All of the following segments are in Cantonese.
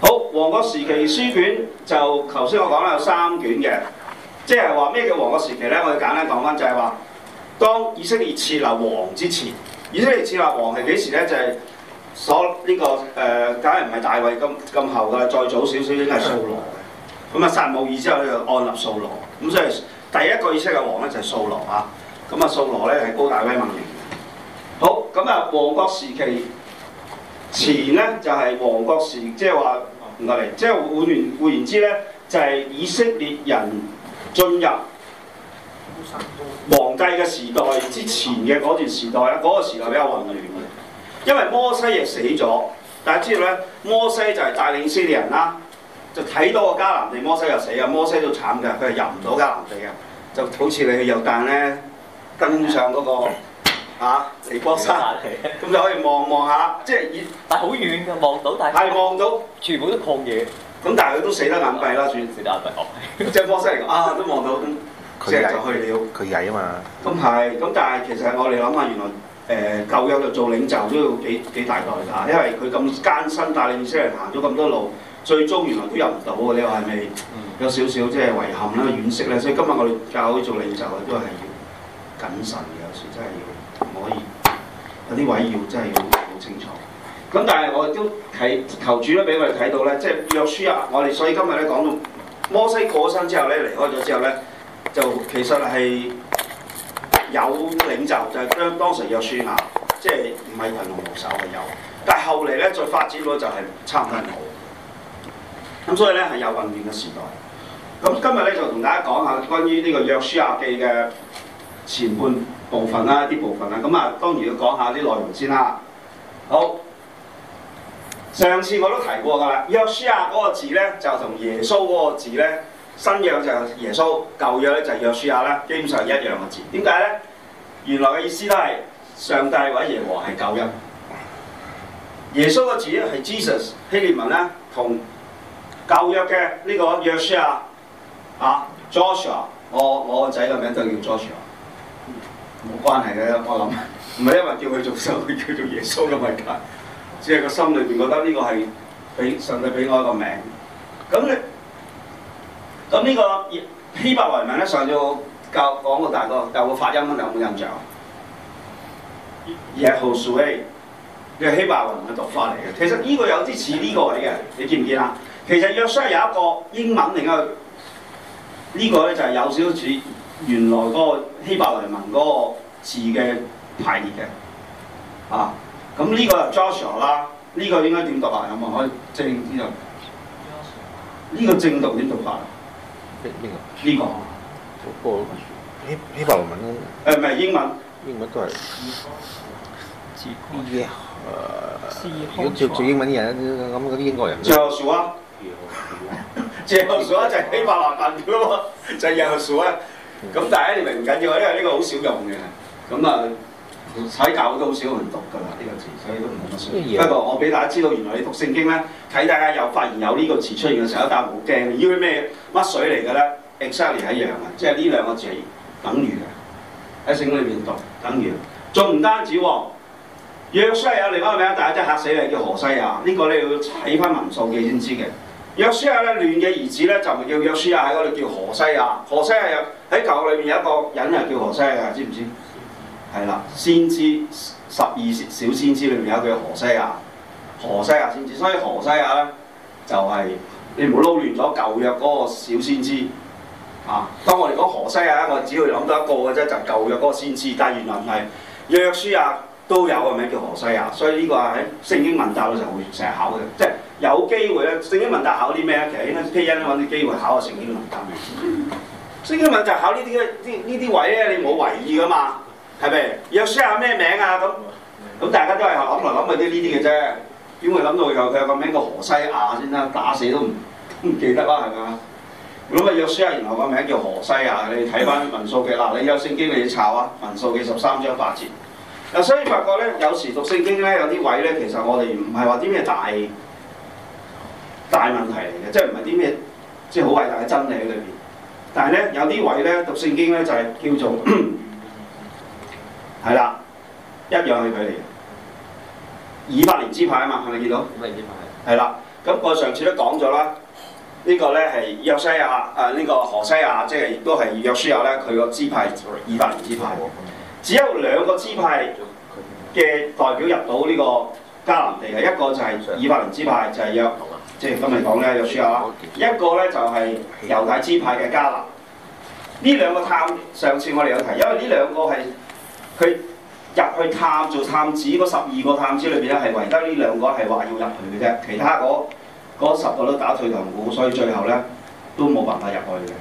好，王國時期書卷就頭先我講啦，有三卷嘅，即係話咩叫王國時期咧？我哋簡單講翻，就係話當以色列設立王之前，以色列設立王係幾時咧？就係、是、所呢、這個誒，梗係唔係大衛咁咁後噶？再早少少應該係掃羅嘅。咁、嗯、啊，撒母耳之後就按立掃羅，咁、嗯、所以第一個以色列嘅王咧就係、是、掃羅啊。咁、嗯、啊，掃羅咧係高大威猛型。好，咁、嗯、啊，王國時期。前咧就係、是、王國時，即係話唔該你，即係換言。換言之咧，就係、是、以色列人進入皇帝嘅時代之前嘅嗰段時代咧，嗰、那個時代比較混亂嘅，因為摩西亦死咗。大家知道咧，摩西就係帶領以色列人啦，就睇到個迦南地摩，摩西又死啊，摩西都慘嘅，佢係入唔到迦南地嘅，就好似你去猶大咧跟上嗰、那個。嚇，尼波山咁就可以望一望下，即係但係好遠嘅，望到但係望到，是全部都曠野。咁但係佢都死得眼閉啦，算死得眼閉即係摩西嚟嘅，啊他他都望到咁，即係就去了。佢曳啊嘛。咁係、嗯，咁但係其實係我哋諗下，原來誒、呃、舊約就做領袖都要幾幾大代㗎，因為佢咁艱辛，但係意思係行咗咁多路，最終原來都入唔到喎。你話係咪有少少即係遺憾啦、惋惜咧？所以今日我哋教佢做領袖都係要謹慎嘅，有時真係要。要唔可以，有啲位要真係要好清楚。咁但係我亦都睇求主咧，俾我哋睇到咧，即係約書亞。我哋所以今日咧講到摩西過咗身之後咧，離開咗之後咧，就其實係有領袖，就係、是、將當時約書亞，即係唔係群龍無首嘅有。但係後嚟咧，再發展到就係差唔多係冇。咁所以咧係有混亂嘅時代。咁今日咧就同大家講下關於呢個約書亞記嘅。前半部分啦，啊，啲部分啦，啊，咁啊當然要講下啲內容先啦。好，上次我都提過噶啦，約書亞嗰個字咧就同耶穌嗰個字咧，新約就係耶穌，舊約咧就係約書亞咧，基本上一樣個字。點解咧？原來嘅意思都係上帝或者「耶和是救恩，耶穌個字咧係 Jesus 希臘文啦，同舊約嘅呢個約書亞啊 Joshua，我我個仔個名都叫 Joshua。冇關係嘅，我諗唔係因為叫佢做神，佢叫做耶穌嘅問題，只係個心裏邊覺得呢個係俾上帝俾我一個名。咁咧，咁呢、這個希伯來文咧，上次我講過大教講個大個教個發音啦，有冇印象？耶和書耶，呢個希伯來文嘅讀法嚟嘅。其實呢個有啲似呢個位嘅，你見唔見啊？其實約書係有一個英文嚟嘅，呢、這個咧就係有少少似。原來嗰個希伯來文嗰個字嘅排列嘅啊，咁、這、呢個係 Joshua 啦，呢個應該點讀啊？有、嗯、冇可以、這個這個、正啲啊？呢個正讀點讀法？邊邊個？呢、這個？呢呢個希伯來文？誒唔係英文。英文都係。詩、啊、歌。詩英文啲人，咁啲英國人？Joshua。Joshua，就希伯來文噶咯就 Joshua。咁、嗯嗯、但係呢條咪唔緊要，因為呢個好少用嘅。咁、嗯、啊，喺教會都好少人讀噶啦，呢、這個字，所以都冇乜水。嗯、不過我俾大家知道，原來你讀聖經咧，睇大家有發現有呢個字出現嘅時候，大家唔好驚，依啲咩乜水嚟㗎咧 Exactly 係一樣嘅，exactly、same, 即係呢兩個字等於嘅。喺聖經裏面讀等於，仲唔單止喎，約西有另一個名，大家真係嚇死你，叫何西亞啊。呢、這個你要睇翻民數記嘅先知嘅。約書亞咧，嫩嘅兒子咧就唔叫約書亞，喺嗰度叫何西亞。何西亞，有喺舊裏邊有一個人係叫何西亞，知唔知？係啦，先知十二小先知裏面有一個叫何西亞。何西亞先知，所以何西亞咧就係、是、你唔好撈亂咗舊約嗰個小先知啊。當我哋講何西亞，我哋只要諗到一個嘅啫，就是、舊約嗰個先知。但係原來唔係約書亞都有個名叫何西亞，所以呢個喺聖經問答嘅時候會成日考嘅，即係。有機會咧，聖經問答考啲咩咧？其實呢啲拼音揾啲機會考下聖經問答嘅。聖、mm hmm. 經問答考位呢啲嘅，呢呢啲位咧，你冇為意啊嘛？係咪約書亞咩名啊？咁咁大家都係諗嚟諗去啲呢啲嘅啫。點會諗到佢有佢有個名叫何西亞先啦？打死都唔都唔記得啦，係咪啊？咁啊，約書亞原來個名叫何西亞。你睇翻民數記嗱，你有聖經你要查啊，民數記十三章八節。嗱、啊，所以發覺咧，有時讀聖經咧，有啲位咧，其實我哋唔係話啲咩大。大問題嚟嘅，即係唔係啲咩即係好偉大嘅真理喺裏邊。但係咧，有啲位咧讀聖經咧就係、是、叫做係啦， 一樣係佢嚟。以法蓮支派啊嘛，係咪見到？以法蓮支派係啦。咁我上次都講咗啦，這個、呢個咧係約西亞啊，呢、這個何西亞即係亦都係約書亞咧，佢個支派以法蓮支派只有兩個支派嘅代表入到呢個迦南地嘅，一個就係以法蓮支派，就係、是、約。即係今日講咧約書亞，一個咧就係猶大支派嘅迦勒，呢兩個探上次我哋有提，因為呢兩個係佢入去探做探子，嗰十二個探子裏邊咧係唯得呢兩個係話要入去嘅啫，其他嗰十個都打退堂鼓，所以最後咧都冇辦法入去嘅。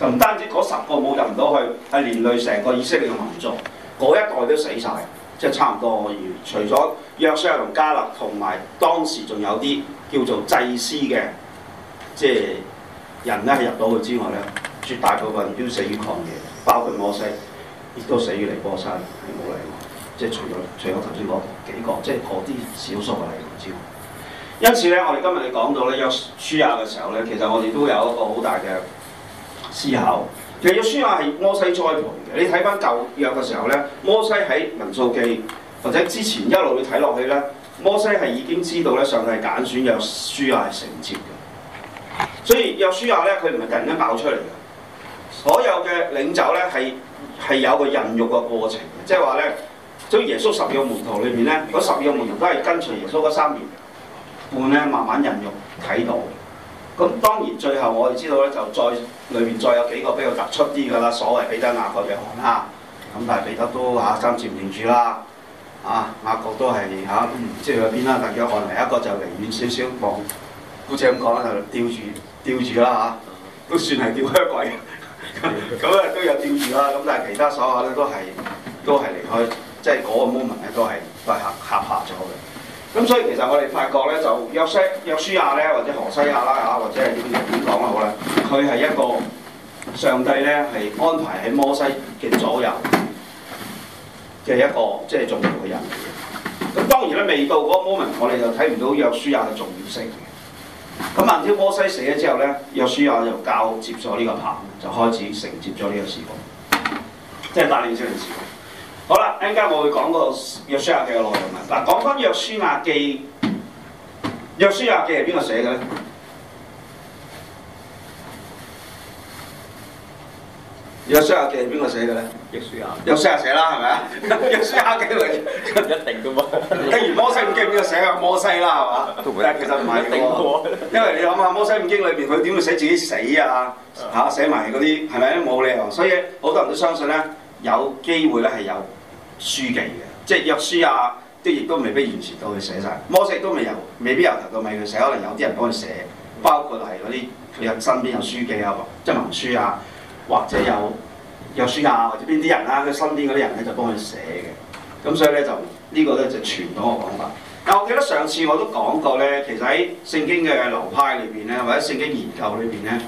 就唔單止嗰十個冇入唔到去，係連累成個以色列嘅民族，嗰一代都死晒，即係差唔多可以。除咗約書亞同迦勒，同埋當時仲有啲。叫做祭司嘅，即係人咧入到去之外咧，絕大部分都死於曠野，包括摩西，亦都死於尼波山，你冇理。即係除咗除咗頭先講幾個，即係嗰啲少數嘅例子之外。因此咧，我哋今日你講到咧約書亞嘅時候咧，其實我哋都有一個好大嘅思考。其實約書亞係摩西栽培嘅，你睇翻舊約嘅時候咧，摩西喺民數記或者之前一路去睇落去咧。摩西係已經知道咧，上帝揀選約書亞係承接嘅，所以約書亞咧，佢唔係突然間爆出嚟嘅。所有嘅領袖咧係係有個孕育嘅過程，即係話咧，所以耶穌十二個門徒裏面咧，嗰十二個門徒都係跟隨耶穌嗰三年半咧，慢慢孕育睇到。咁當然最後我哋知道咧，就再裏面再有幾個比較突出啲噶啦，所謂彼得、雅各、約翰哈，咁但係彼得都嚇三次唔認主啦。啊，亞國都係嚇，即係去邊啦？大家可能，一個就離遠少少望，姑且咁講啦，就吊住吊住啦嚇，都算係吊靴鬼。咁啊，都有吊住啦。咁、 嗯、但係其他手下咧都係都係離開，即係嗰個 moment 咧都係合合下咗嘅。咁所以其實我哋發覺咧，就約西約書亞咧，或者何西亞啦嚇，或者係點點講好咧，佢係一個上帝咧係安排喺摩西嘅左右。即係一個即係重要嘅人嚟嘅。咁當然咧，未到嗰 moment，我哋就睇唔到約書亞嘅重要性。咁亞當摩西死咗之後咧，約書亞就交接咗呢個棒，就開始承接咗呢個事工，即係帶領少年人事工。好啦，陣間我會講個約書亞記嘅內容啊。嗱，講翻約書亞記，約書亞記係邊個寫嘅咧？約書亞記係邊個寫嘅咧？約書亞有書亞寫啦，係咪啊？約書亞幾耐？一定噶嘛！例如摩西五經邊個寫啊？摩西啦，係嘛？但係 其實唔係喎， 因為你諗下摩西五經裏邊，佢點會寫自己死啊？嚇、 啊、寫埋嗰啲係咪冇理由。所以好多人都相信咧，有機會咧係有書記嘅，即係約書亞都亦都未必完全到佢寫晒。摩西都未由未必由頭到尾佢寫，可能有啲人幫佢寫，包括係嗰啲佢有身邊有書記啊，即係文書啊，或者有。 有書架、啊、或者邊啲人啦、啊，身邊嗰啲人咧就幫佢寫嘅，咁所以咧就呢、這個咧就傳統嘅講法。但我記得上次我都講過呢，其實喺聖經嘅流派裏面呢，或者聖經研究裏面呢，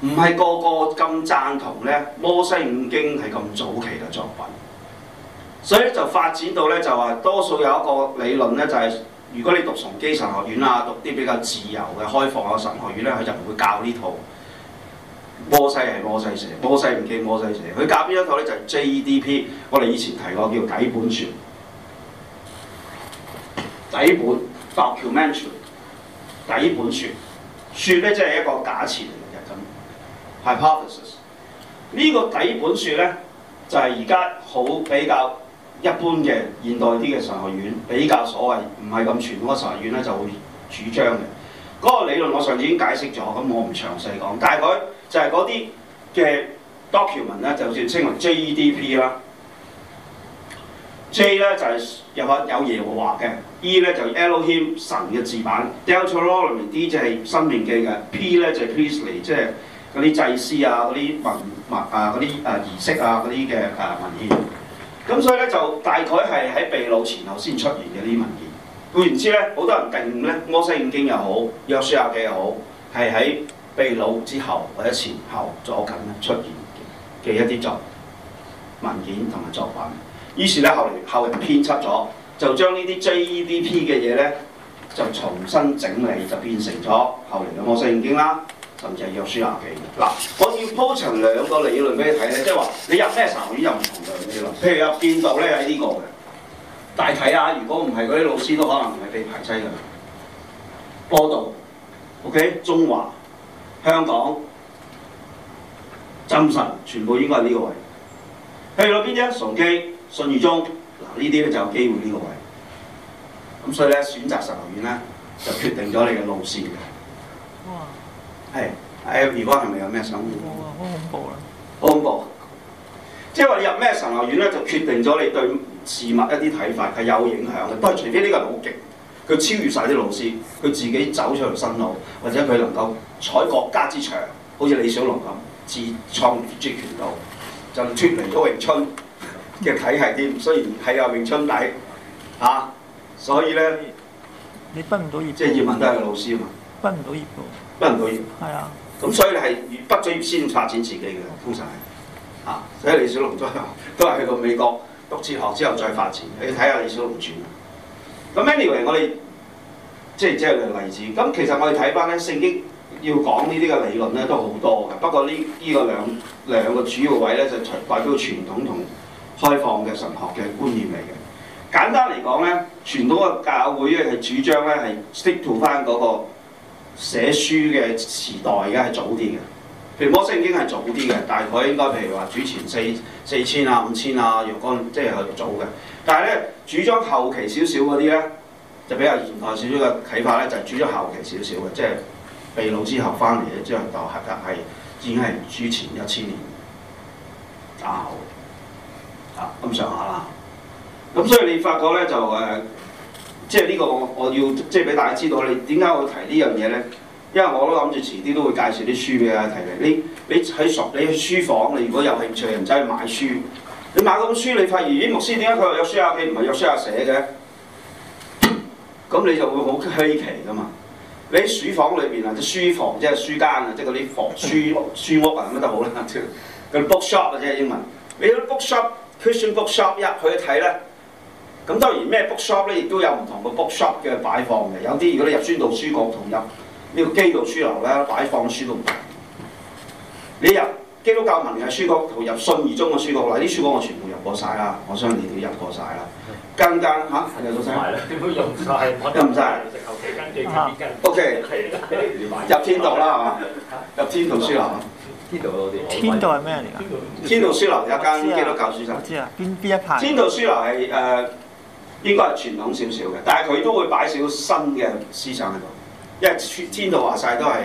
唔係個個咁贊同咧《摩西五經》係咁早期嘅作品，所以就發展到呢，就話多數有一個理論呢，就係、是、如果你讀崇基神學院啊，讀啲比較自由嘅開放嘅神學院呢，佢就唔會教呢套。摩西係摩西寫，摩西唔記摩西寫。佢教邊一套呢，就係 JDP。我哋以前提過叫底本説，底本 documentary 底本説説呢，即係一個假設嚟嘅咁，hypothesis 呢、呢個底本説呢，就係而家好比較一般嘅現代啲嘅神學院比較所謂唔係咁傳統嘅神學院呢，就會主張嘅嗰個理論。我上次已經解釋咗，咁我唔詳細講，但係佢。就係嗰啲嘅 document 咧，就算稱為 JDP 啦。J 呢，就係、是、有可有耶和華嘅，E 呢，就 a、是、Elohim 神嘅字版 Deuteronomy D 就係申命記嘅，P 呢，就是、Priestly 即係嗰啲祭司啊、嗰啲文物啊、嗰啲啊儀式啊、嗰啲嘅啊文獻。咁所以呢，就大概係喺被擄前後先出現嘅啲文獻。唔之呢，好多人定呢摩西五經又好，約書亞記又好，係喺。被擄之後或者前後左近出現嘅一啲作品文件同埋作品，於是咧後嚟後嚟編輯咗，就將的呢啲 JDP 嘅嘢咧就重新整理，就變成咗後嚟嘅《摩西五經》啦，甚至係《約書亞記》。嗱，我要鋪陳兩個理論俾你睇咧，即係話你入咩神學院就唔同嘅理論。譬如入邊度咧喺呢、呢個嘅大體啊，如果唔係嗰啲老師都可能唔係被排擠噶，波道，OK？中華。香港，真神全部應該係呢個位，去到邊啲啊？崇基、信義中嗱呢啲就有機會呢、這個位。咁所以咧，選擇神學院咧，就決定咗你嘅路線哇！係，如果係咪有咩想？哇！好恐怖啊！好恐怖！即係話你入咩神學院咧，就決定咗你對事物一啲睇法係有影響嘅，是除非呢個路徑。佢超越晒啲老師，佢自己走出條新路，或者佢能夠採國家之長，好似李小龍咁自創截拳道，就脫離咗詠春嘅體系添。雖然睇下詠春底嚇、啊，所以咧，你畢唔到業，即係葉問都係老師啊嘛，畢唔到業喎，畢唔到業，係啊的，咁所以你係畢咗業先發展自己嘅，通常係啊，所以李小龍都係、啊、都係去到美國讀哲學之後再發展。你要睇下李小龍傳。咁 anyway，我哋即係即係個例子。咁其實我哋睇翻咧聖經要講呢啲嘅理論咧都好多嘅。不過呢，呢個兩兩個主要位咧，就代表傳統同開放嘅神學嘅觀念嚟嘅。簡單嚟講咧，傳統嘅教會咧係主張咧係 stick to 翻嗰個寫書嘅時代，而家係早啲嘅。譬如摩西已經係早啲嘅，大概應該譬如話主前四四千啊、五千啊若干，即係佢早嘅。但係呢，主張後期少少嗰啲呢，就比較現代少少嘅睇法呢，就係、是、主張後期少少嘅，即係秘魯之後翻嚟呢，將來就格係已經係主前一千年啊，咁上下啦。咁所以你發覺呢，就誒、呃，即係呢個我我要即係俾大家知道，你點解會提呢樣嘢呢？因為我都諗住遲啲都會介紹啲書俾大家睇嘅，你你喺索，你去書房，你如果有興趣，唔使去買書，你買嗰本書，你發現咦，牧師點解佢話約書亞記唔係約書亞寫嘅？咁你就會好稀奇噶嘛。你喺書房裏邊啊，啲書房即係書間啊，即係嗰啲房書書屋啊，乜都好啦。咁 bookshop 啊，即係英文。你喺 bookshop，Christian bookshop 入去睇咧，咁當然咩 bookshop 咧，亦都有唔同嘅 bookshop 嘅擺放嘅。有啲如果你入書道書局同一。呢個基督教書樓咧，擺放書都唔同。你入基督教文藝書局投入信義中嘅書局，嗱啲書館我全部入過晒啦，我相信你都入過晒啦，間間吓，啊、有冇使買咧？點會用曬？又唔晒。O K、啊。入天道啦嚇，入天道書樓。天道天道係咩嚟噶？天道書樓有間基督教書房。知啦。邊邊一排？天道書樓係誒應該係傳統少少嘅，但係佢都會擺少新嘅思想喺度。因為宣天道話晒都係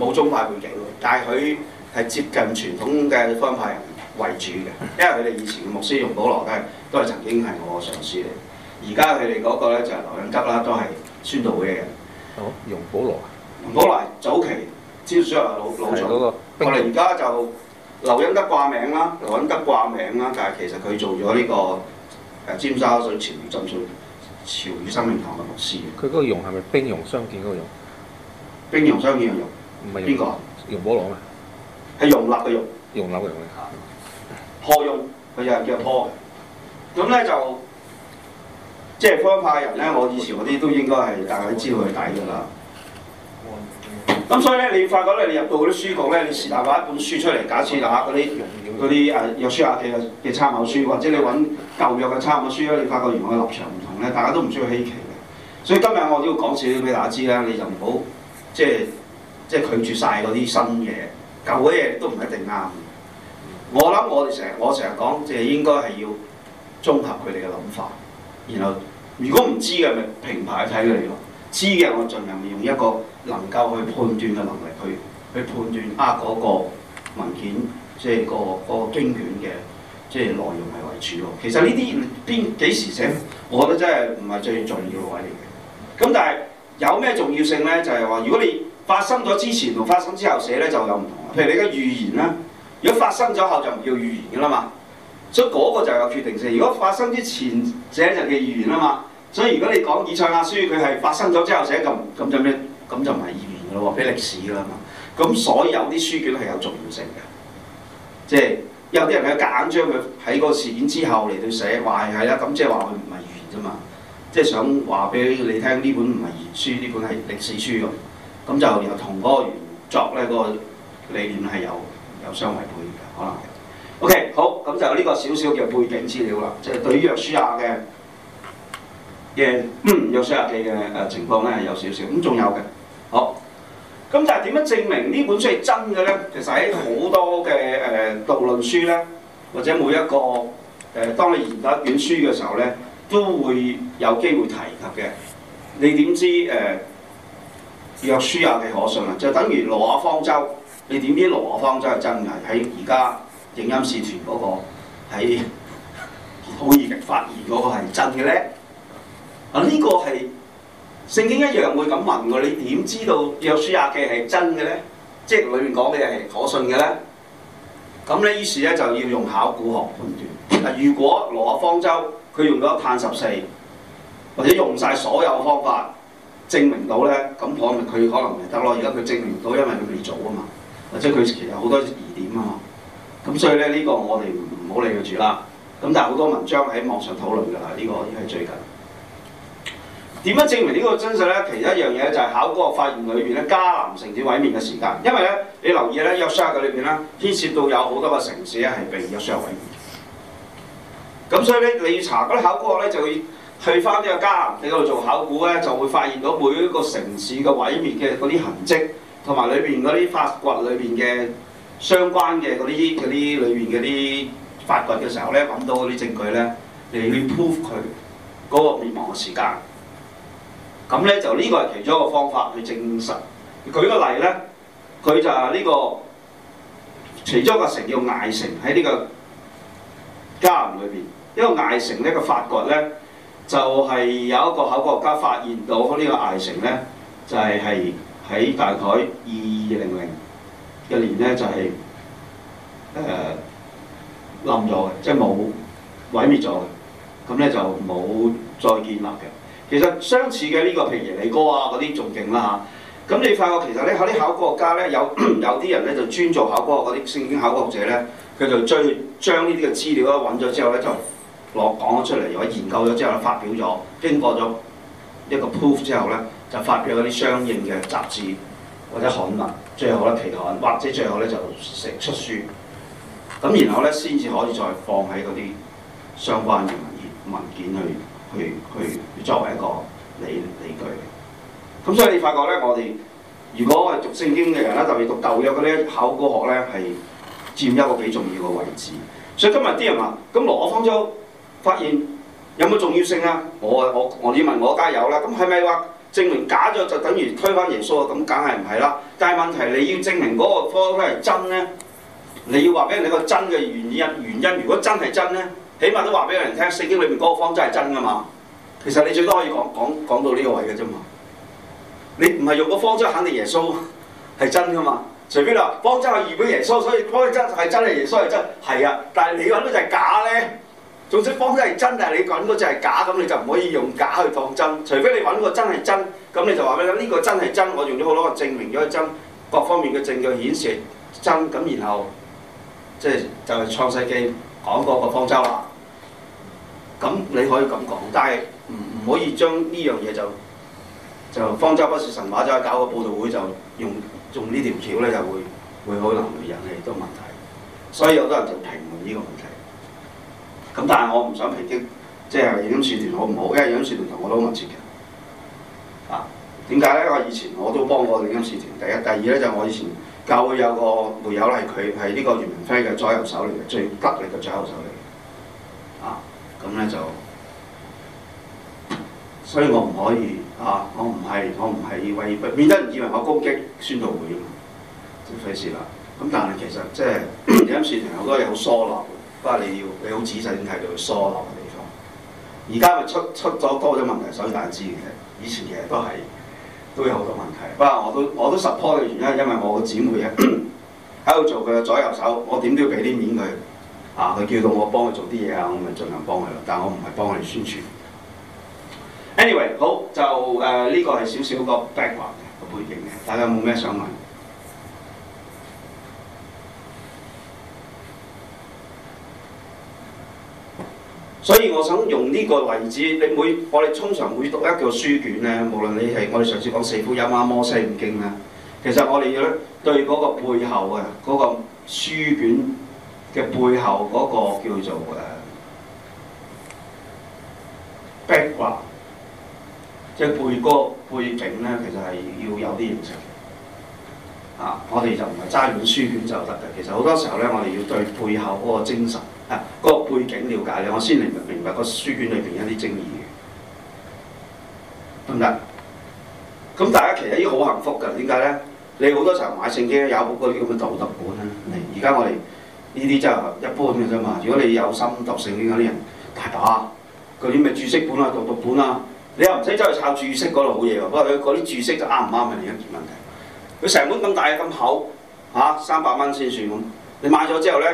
冇宗派背景，但係佢係接近傳統嘅方派人為主嘅。因為佢哋以前嘅牧師容保羅都係都係曾經係我嘅上司嚟。而家佢哋嗰個咧就係劉恩德啦，都係宣道會嘅人。哦，容保羅啊！容保羅早期招書係老老總，我哋而家就劉恩德掛名啦，劉恩德掛名啦，但係其實佢做咗呢個誒尖沙咀潮語浸水潮語生命堂嘅牧師。佢嗰個容係咪兵戎相見嗰個容？兵戎相見啊！用邊個？用菠蘿啊！係用辣嘅肉，用辣嘅用嚟下。破用佢又係叫破嘅。咁咧就即係方法人咧，我以前嗰啲都應該係大家知道佢底㗎啦。咁所以咧，你發覺咧，你入到嗰啲書局咧，你試下揾一本書出嚟，假設嗱嗰啲嗰啲誒約書亞嘅嘅參考書，或者你揾舊約嘅參考書咧，你發覺原來嘅立場唔同咧，大家都唔需要稀奇嘅。所以今日我都要講少少俾大家知啦，你就唔好。即係即係拒絕晒嗰啲新嘢，舊嘅嘢都唔一定啱。我諗我哋成日我成日講，即係應該係要綜合佢哋嘅諗法，然後如果唔知嘅咪平排睇佢哋咯，知嘅我盡量用一個能夠去判斷嘅能力去去判斷啊嗰、嗰個文件即係個、嗰個經卷嘅即係內容係為主咯。其實呢啲邊幾時寫，我覺得真係唔係最重要嘅位嚟嘅。咁但係。有咩重要性呢？就係話，如果你發生咗之前同發生之後寫呢，就有唔同。譬如你嘅預言啦，如果發生咗後就唔叫預言噶啦嘛。所以嗰個就有決定性。如果發生之前寫就叫預言啊嘛。所以如果你講以賽亞書，佢係發生咗之後寫咁，咁就咩？咁就唔係預言噶咯喎，俾歷史噶啦嘛。咁所有啲書卷係有重要性嘅，即係有啲人係夾硬將佢喺嗰個事件之後嚟到寫，話係啦，咁即係話佢唔係預言啫嘛。即係想話俾你聽，呢本唔係言書，呢本係歷史書咁。咁就又同嗰個原作呢、呢個理念係有有相違背嘅，可能 OK，好，咁就呢個少少嘅背景資料啦。即、就、係、是、對於約書亞嘅嘅約書亞記嘅誒情況呢，有少少咁，仲有嘅。好，咁就點樣證明呢本書係真嘅呢？其實喺好多嘅誒導論書呢，或者每一個誒、呃、當你研究一本書嘅時候呢。都會有機會提及嘅，你點知誒約、呃、書亞記可信啊？就等於挪亞方舟，你點知挪亞方舟係真嘅？喺而家影音視傳嗰個喺土耳其發現嗰個係真嘅咧？啊、這、呢個係聖經一樣會咁問㗎，你點知道約書亞記係真嘅咧？即係裏面講嘅係可信嘅咧？咁咧於是咧就要用考古學判斷。嗱，如果挪亞方舟佢用咗碳十四，或者用晒所有方法證明到呢，咁可佢可能咪得咯？而家佢證明唔到，因為佢未做啊嘛，或者佢其實好多疑點啊嘛。咁所以呢，呢個我哋唔好理佢住啦。咁但係好多文章喺網上討論㗎啦，呢個應該係最近。點樣證明呢個真實呢？其實一樣嘢就係考古嘅發現裏邊咧，迦南城市毀滅嘅時間。因為呢，你留意呢，約書亞嘅裏邊咧，牽涉到有好多個城市咧係被約書亞毀滅。咁所以咧，你要查嗰啲考古學咧，就會去翻呢個迦南地嗰度做考古咧，就會發現到每一個城市嘅毀滅嘅嗰啲痕跡，同埋裏邊嗰啲發掘裏邊嘅相關嘅嗰啲嗰啲裏邊嗰啲發掘嘅時候咧，揾到嗰啲證據咧嚟去 prove 佢嗰個滅亡嘅時間。咁咧就呢個係其中一個方法去證實。舉個例咧，佢就係呢個其中一個城叫艾城喺呢個迦南裏邊。呢個艾城呢個發掘呢，就係、是、有一個考古學家發現到呢個艾城呢，就係係喺大概二零零一年呢，就係誒冧咗嘅，即係冇毀滅咗嘅，咁呢就冇再建立嘅。其實相似嘅呢、這個譬如耶利哥啊嗰啲仲勁啦嚇。咁你發覺其實呢，啲考古學家呢，有 有啲人呢，就專做考古學嗰啲聖經考古學者呢，佢就追將呢啲嘅資料揾咗之後呢，就。我講咗出嚟，如果研究咗之後，發表咗，經過咗一個 proof 之後咧，就發表嗰啲相應嘅雜誌或者刊物，最後咧期刊，或者最後咧就成出書。咁然後咧先至可以再放喺嗰啲相關嘅文文件去去去作為一個理理據。咁所以你發覺咧，我哋如果係讀聖經嘅人咧，特別讀舊約嗰啲考古學咧，係佔一個幾重要嘅位置。所以今日啲人話，咁挪亞方舟，發現有乜重要性啊？我我我你要問我梗有啦！咁係咪話證明假咗就等於推翻耶穌啊？咁梗係唔係啦？但係問題你要證明嗰個方舟係真咧，你要話俾人哋個真嘅原因原因。如果真係真咧，起碼都話俾人聽聖經裏面嗰個方舟係真噶嘛？其實你最多可以講講講到呢個位嘅啫嘛。你唔係用個方舟肯定耶穌係真噶嘛？隨便啦，方舟係預表耶穌，所以方舟係真係耶穌係真係啊！但係你揾到就係假咧。總之，方舟係真，但係你揾嗰隻係假，咁你就唔可以用假去當真。除非你揾個真係真，咁你就話俾你，呢、呢個真係真，我用咗好多個證明咗係真，各方面嘅證據顯示真。咁然後即係就係、係《創世記》講嗰個方舟啦。咁你可以咁講，但係唔唔可以將呢樣嘢就就方舟不是神話走去搞個報導會,會，就用用呢條橋呢，就會會可能會引起多問題。所以有多人就評論呢個問題。咁但係我唔想抨擊，即係影音使團好唔好？因為影音使團同我都好密切嘅，啊，點解咧？我以前我都幫過影音使團。第一、第二呢，就係、我以前教會有個會友咧，係佢係呢個袁明輝嘅左右手嚟嘅，最得力嘅左右手嚟。嘅、啊。咁、嗯、呢就，所以我唔可以啊，我唔係我唔係威，免得人以為我攻擊宣道會，費事啦。咁、啊、但係其實即係影音使團好多嘢好疏漏，不過你要你好仔細咁睇到佢疏漏嘅地方，而家咪出出咗多咗問題，所以大家知嘅。以前其實都係都有好多問題。不過我都我都 support，嘅原因因為我個姊妹喺度 做佢嘅左右手，我點都要俾啲面佢。啊，佢叫到我幫佢做啲嘢啊，我咪盡量幫佢。但係我唔係幫佢哋宣傳。Anyway，好就誒呢、呃這個係少少個 background 個背景嘅，大家有冇咩想問？所以我想用呢個例子，你每我哋通常每讀一個書卷呢。無論你係我哋上次講四福音啊、摩，摩西五經咧，其實我哋要對嗰個背後嘅嗰、嗰個書卷嘅背後嗰個叫做誒 background 即係背歌背景呢，其實係要有啲認識啊！我哋就唔係揸本書卷就得嘅，其實好多時候呢，我哋要對背後嗰個精神。啊，嗰個背景了解我先明白明白，嗰個書卷裏邊一啲爭議得唔得？咁大家其實已經好幸福㗎，點解呢？你好多時候買聖經咧，有嗰啲咁嘅導讀本啦。而家我哋呢啲真係一般嘅啫嘛。如果你有心讀聖經嗰啲人，大把嗰啲咩注釋本啊、導讀本啊，你又唔使走去抄注釋嗰度好嘢喎。不過佢嗰啲注釋就啱唔啱係另一問題。佢成本咁大咁厚嚇，三百蚊先算咁。你買咗之後呢？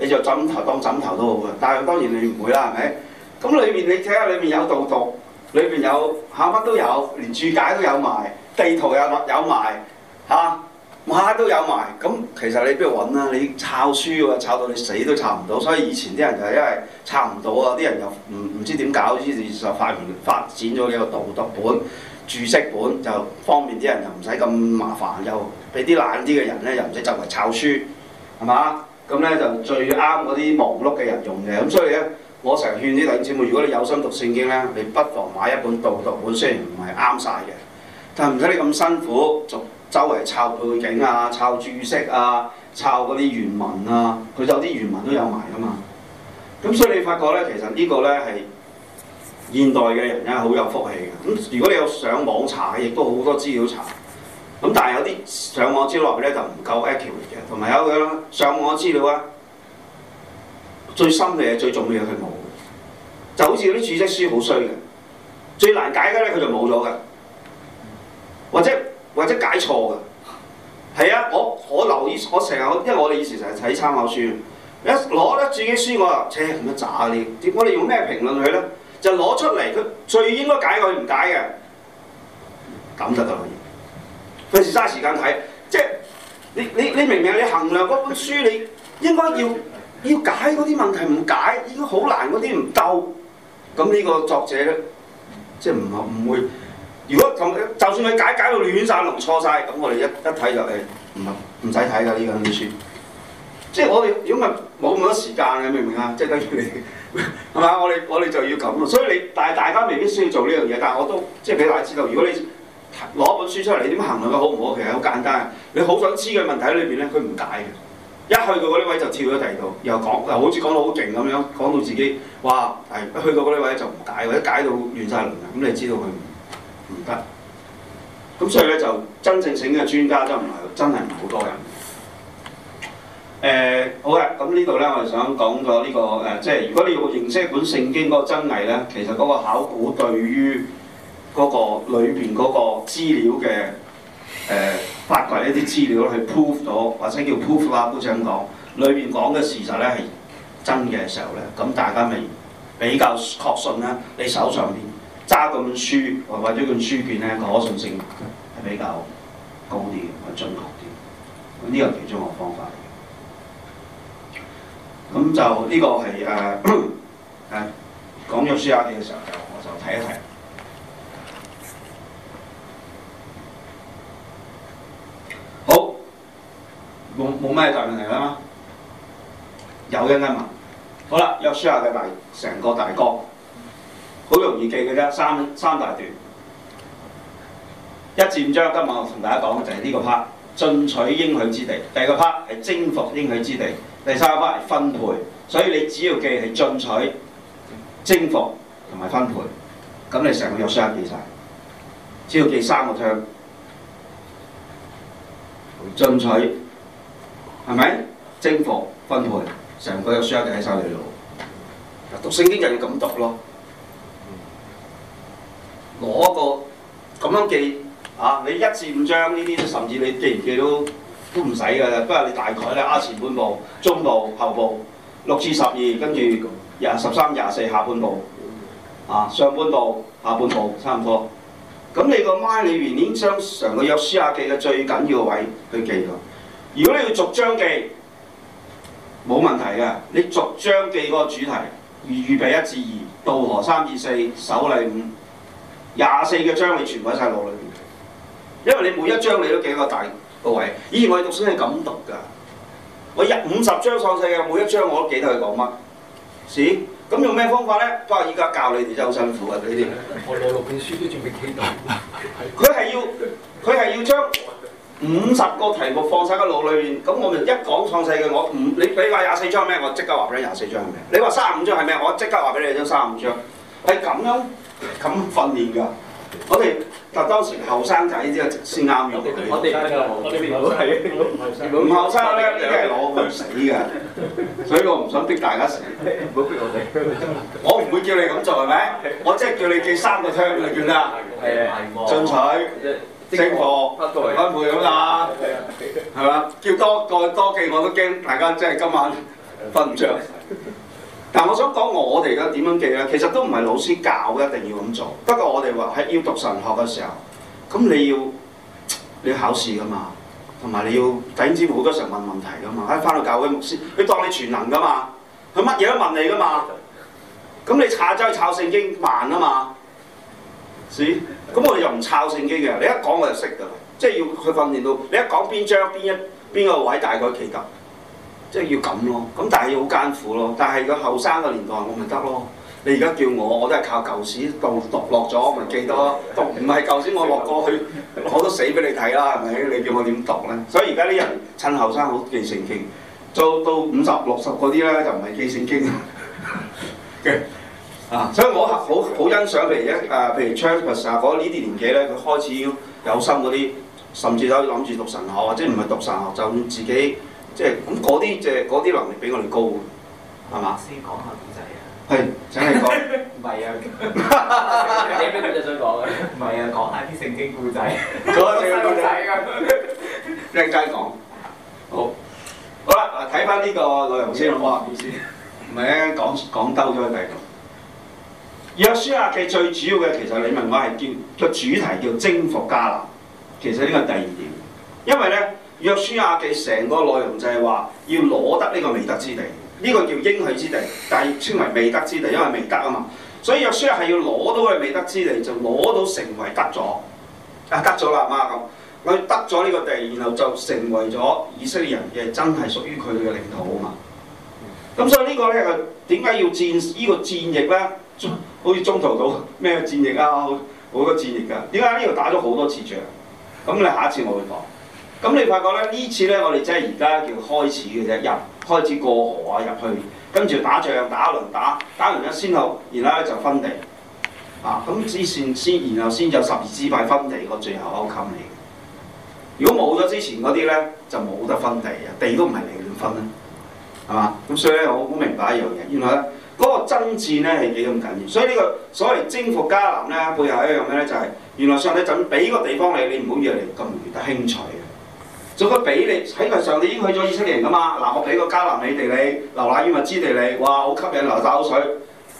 你就枕頭當枕頭都好嘅，但係當然你唔會啦，係咪？咁裏面你睇下，裏面有導讀，裏邊有嚇乜都有，連註解都有埋，地圖有有埋嚇，乜、啊、都有埋。咁、嗯、其實你邊度揾啊？你抄書喎、啊，抄到你死都抄唔到。所以以前啲人就係因為抄唔到啊，啲人就唔唔知點搞，於是就發完發展咗幾個導讀本、注釋本，就方便啲人又唔使咁麻煩，又俾啲懶啲嘅人呢，又唔使周圍抄書，係嘛？咁呢就最啱嗰啲忙碌嘅人用嘅，咁所以呢，我成日勸啲弟兄姊妹，如果你有心讀聖經呢，你不妨買一本導讀本，雖然唔係啱晒嘅，但唔使你咁辛苦，讀周圍抄背景啊、抄註釋啊、抄嗰啲原文啊，佢有啲原文都有埋噶嘛。咁所以你發覺呢，其實呢個呢，係現代嘅人呢，好有福氣嘅。咁如果你有上網查，亦都好多資料查。咁但係有啲上網，之呢上網資料咧就唔夠 accurate 嘅，同埋有個上網資料啊，最深嘅嘢、最重要嘅佢冇，就好似嗰啲組織書好衰嘅，最難解嘅咧佢就冇咗嘅，或者或者解錯嘅，係啊，我我留意我成日，因為我哋以前成日睇參考書，一攞得自己書我話，切咁一渣啲，我哋、哎、用咩評論佢咧？就攞出嚟，佢最應該解佢唔解嘅，咁就得啦。費事嘥時間睇，即係你你你明明你衡量嗰本書，你應該要要解嗰啲問題，唔解已經好難嗰啲唔夠，咁呢個作者咧，即係唔係唔會。如果同就算佢解解到亂曬同錯晒，咁我哋一一睇就係唔唔使睇㗎呢啲書。即係我哋如果唔冇咁多時間啊，你明唔明啊？即係等於你係咪？我哋我哋就要咁啊。所以你但係大家未必需要做呢樣嘢，但係我都即係俾大家知道，如果你。攞本書出嚟，你點衡量佢好唔好？其實好簡單，你好想知嘅問題裏邊呢，佢唔解嘅。一去到嗰啲位就跳咗第二度，又講又好似講到好勁咁樣，講到自己哇係一去到嗰啲位就唔解，或者解到亂晒龍啊！咁你知道佢唔得。咁所以呢，就真正醒嘅專家都唔係，真係唔係好多人。誒、呃、好嘅，咁呢度呢，我就想講咗呢、呢個、呃、即係如果你要認識一本聖經嗰個真偽呢，其實嗰個考古對於。嗰個裏邊嗰個資料嘅誒、呃、發掘一啲資料去 proof 到，或者叫 proof 啦，姑且咁講，裏邊講嘅事實咧係真嘅時候咧，咁大家咪比較確信啦。你手上邊揸嗰本書或者嗰本書卷咧，個可信性係比較高啲嘅，係準確啲。咁呢個係其中一個方法嚟嘅。咁就呢個係誒誒講咗 CIA 嘅時候，我就睇一睇。冇咩大問題嚟啦！嗎有嘅嘛。好啦，約書亞嘅大成個大綱，好容易記嘅啫，三三大段，一至五章，今日我同大家講就係、是、呢個 part，進取應許之地，第二個 part 係征服應許之地，第三個 part 係分，分配，所以你只要記係進取、征服同埋分配，咁你成個約書亞記晒，只要記三個章，進取。係咪？征服分配成個約書亞記喺晒你度，讀聖經就要咁讀咯。攞、嗯、個咁樣記啊！你一至五章呢啲，甚至你記唔記都都唔使噶啦。不過你大概咧，啊前半部、中部、後部六至十二，跟住廿十三、廿四下半部啊，上半部、下半部差唔多。咁你個 mind 裏邊已經將成個約書亞記嘅最緊要嘅位去記㗎。如果你要逐章記，冇問題嘅。你逐章記嗰個主題，預備一至二，渡河三至四，手禮五，廿四嘅章你全部喺晒腦裏面。因為你每一章你都記得個大個位。以前我哋讀書係咁讀㗎。我入五十章上世嘅，每一章我都記得佢講乜。是？咁用咩方法咧？不過而家教你哋真係好辛苦啊！呢啲我攞六本書都仲未記到。佢係 要，佢係要將。五十個題目放晒喺腦裏面，咁我咪一講創世嘅，我唔你你話廿四張咩？我即刻話俾你廿四張係咪？你話三十五張係咩？我即刻話俾你張三十五張，係咁樣咁訓練㗎。我哋嗱，當時後生仔先啱用我哋邊老？唔後生咧，依家攞去死㗎，所以我唔想逼大家死。好逼我哋，我唔會叫你咁做，係咪？我即係叫你記三個聽就完啦，進取。整貨分配咁啦，係嘛？叫多再多，多記，我都驚大家真係今晚瞓唔着。但我想講，我哋而家點樣記咧？其實都唔係老師教一定要咁做。不過我哋話喺要讀神學嘅時候，咁你要你要考試噶嘛，同埋你要弟兄姊妹好多時候問問題噶嘛。喺翻到教會牧師，佢當你全能噶嘛，佢乜嘢都問你噶嘛。咁你炒周炒聖經慢啊嘛。是，咁、嗯嗯、我哋又唔抄聖經嘅，你一講我就識噶啦，即係要佢訓練到，你一講邊張邊一邊個位大概幾多，即係要咁咯。咁但係要好艱苦咯，但係個後生嘅年代我咪得咯。你而家叫我，我都係靠舊時度讀,讀落咗咪記得咯，唔係舊時我落過去我都死俾你睇啦，係咪？你叫我點讀咧？所以而家啲人趁後生好記聖經，做到五十六十嗰啲咧就唔係記聖經嘅。啊！所以我好好欣賞，譬如一誒，譬如 Charles 啊，我呢啲年紀咧，佢開始有心嗰啲，甚至喺諗住讀神學，或者唔係讀神學就自己，即係咁嗰啲，即係啲能力比我哋高嘅，係嘛？先講下故仔啊！係，請你講。唔係啊！你邊個最想講唔係啊，講下啲聖經故仔。講啲故仔啊！靚仔講。好。好啦，啊睇翻呢個內容先。哇！唔好意思，唔係咧，講講兜咗喺度。約書亞記最主要嘅其實你問我係叫個主題叫征服迦南，其實呢個係第二點。因為呢約書亞記成個內容就係話要攞得呢個未得之地，呢、這個叫應許之地，但係稱為未得之地，因為未得啊嘛。所以約書亞係要攞到佢未得之地，就攞到成為得咗啊，得咗啦嘛咁，我得咗呢個地，然後就成為咗以色列人嘅真係屬於佢哋嘅領土啊嘛。咁所以呢個呢，係點解要戰呢、這個戰役呢？好似中途島咩戰役啊，好，好多戰役㗎、啊。點解呢度打咗好多次仗？咁你下一次我會講。咁你發覺呢，呢次呢，我哋即係而家叫開始嘅啫，入開始過河啊，入去，跟住打仗打一輪打，打完咗先後，然後呢就分地。啊，咁之前先，然後先有十二支派分地個最後收襟嚟。如果冇咗之前嗰啲呢，就冇得分地啊，地都唔係你亂分啊，係嘛？咁所以呢，我好明白一樣嘢，原來呢。嗰個爭戰咧係幾咁緊要，所以呢、這個所謂征服迦南呢，背後一樣咩咧？就係原來上帝就俾個地方你，你唔好以為嚟咁容易得輕取嘅。總比俾喺佢上帝已經去咗以色列人嘛嗱，我俾個迦南地你，流奶與蜜之地你，哇好吸引流大口水，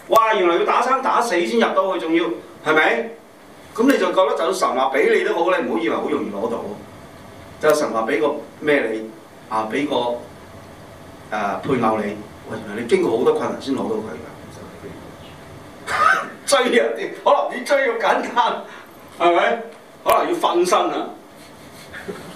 哇原來要打生打死先入到去，仲要係咪？咁你就覺得就算神話俾你都好，你唔好以為好容易攞到。就神話俾個咩你啊？俾個、呃、配偶你。啊、你經過好多困難先攞到佢㗎， 追人哋可能你追要簡單，係咪？可能要分身啊？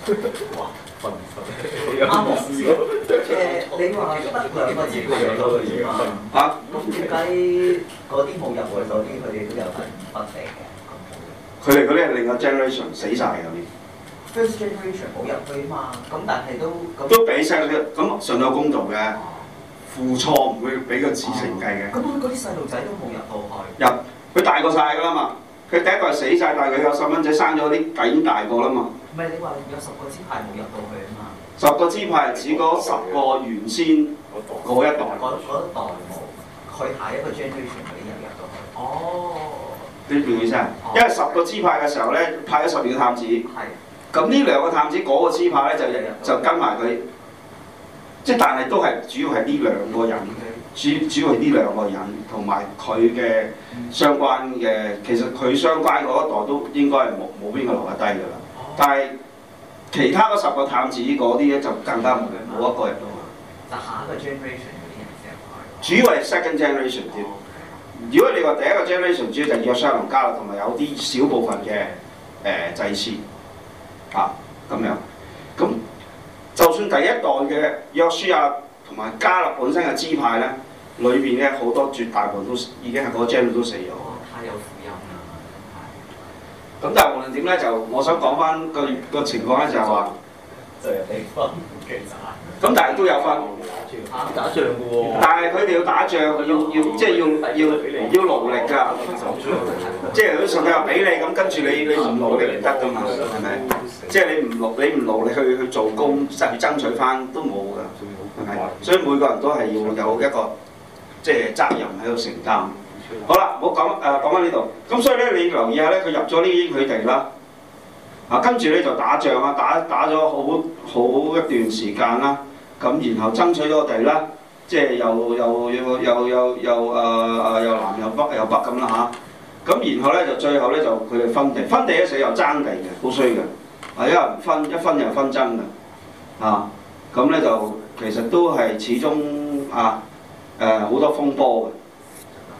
哇，分身啱我意思咯。誒、 嗯，你有、 啊、話一筆兩個字，啊，咁而解點解啲嗰啲冇入去嗰啲，佢哋都有份分嘅。佢哋嗰啲係另外 generation 死晒入面。First generation 冇入去啊嘛，咁但係都都俾曬佢，咁上到公道嘅。啊負錯唔會俾個指成繼嘅。咁嗰嗰啲細路仔都冇入到去。入，佢大過晒㗎啦嘛。佢第一代死晒，但係佢有細蚊仔生咗啲幾咁大個啦嘛。唔係，你話有十個支派冇入到去啊嘛？十個支派指嗰十個原先嗰那一代。嗰一代冇，佢下一個將要傳俾人入到去。哦。你明唔明先？因為十個支派嘅時候咧，派咗十二個探子。係、嗯。咁呢兩個探子嗰、那個支派咧，就日日就跟埋佢。即但係都係主要係呢兩個人，主主要係呢兩個人，同埋佢嘅相關嘅，其實佢相關嗰一代都應該係冇冇邊個留得低㗎啦。但係其他嗰十個探子嗰啲咧，就更加冇一個人咯。就下一個 generation 嗰啲人嘅主要係 second generation、嗯。Okay. 如果你話第一個 generation 主要就係約書亞同迦勒，同埋有啲小部分嘅誒祭司啊咁樣。就算第一代嘅約書亞同埋加勒本身嘅支派咧，裏邊咧好多絕大部分都已經係嗰個 generation 都死咗、哦。太有負面啦！咁但係無論點咧，就我想講返個個情況咧、就係，就係話。就係地方其實。咁但係都有分打仗嘅喎、哦，但係佢哋要打仗，要要即係要要要勞力㗎，即係如果上帝話俾你咁，跟住你你唔勞力唔得㗎嘛，係咪？即係 你唔勞你唔勞力去去做工，去爭取翻都冇㗎，係咪？ 所以每個人都係要有一個即係、就是、責任喺度承擔。 好啦，唔好講誒，講翻呢度。咁所以咧，你留意下咧，佢入咗呢，啲佢哋啦。啊，跟住呢就打仗啊，打打咗好好一段時間啦，咁然後爭取咗地啦，即係又又又又又啊、呃、又南又北又北咁啦嚇，咁然後呢就最後呢，就佢哋分地，分地嗰時又爭地嘅，好衰嘅，啊，一人分一分又分爭嘅，啊咁呢、嗯、就其實都係始終啊誒好、呃、多風波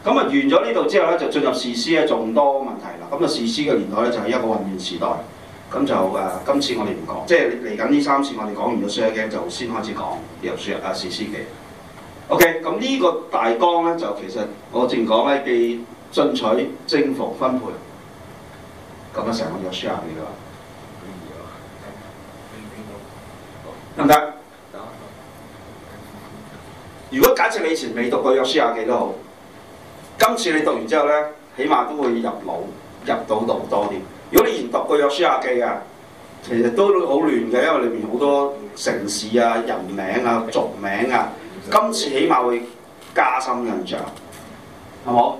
嘅，咁啊完咗呢度之後呢，就進入士師嘅眾多問題啦，咁啊士師嘅年代呢，就係一個混亂時代。咁就、啊、今次我哋唔講，即係嚟緊呢三次我哋講完個 sharing 就先開始講約書亞啊、士師記。OK，咁呢個大綱呢，就其實我正講咧，既進取、征服、分配，咁就成個約書亞記啦。唔得？如果假設你以前未讀過約書亞記都好，今次你讀完之後咧，起碼都會入腦入到腦多啲。如果你研讀過《約書亞記》啊，其實都好亂嘅，因為裏面好多城市啊、人名啊、族名啊，今次起碼會加深印象，好冇？好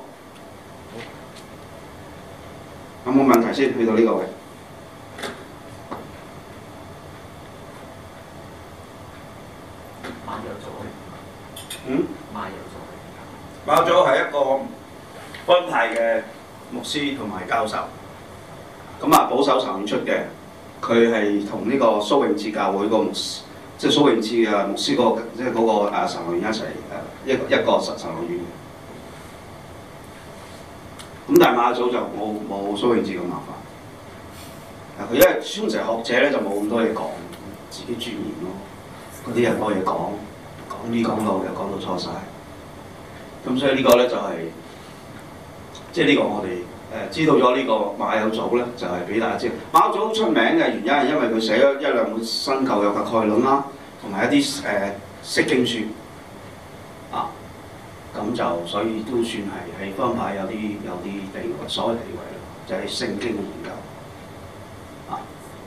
有冇問題先去到呢個位？馬約佐，嗯？馬約佐，馬約佐係一個安排嘅牧師同埋教授。咁啊保守神出嘅，佢係同呢個蘇永智教會個牧師，即、就、係、是、蘇永智啊牧師、就是、個即係嗰個啊神學院一齊誒一一,一,一個神神學院。咁但係馬祖就冇冇蘇永智咁麻煩。佢因為通常學者咧就冇咁多嘢講，自己專研咯。嗰啲人多嘢講，講呢講路嘅講到錯晒。咁所以呢個咧就係、是，即係呢個我哋。知道咗呢個馬友祖呢，就係俾大家知。馬友祖好出名嘅原因係因為佢寫咗一兩本新舊約嘅概論啦，同埋一啲誒釋經書啊。咁就所以都算係喺方塊有啲有啲地位，所謂地位就係、是、聖經嘅研究啊。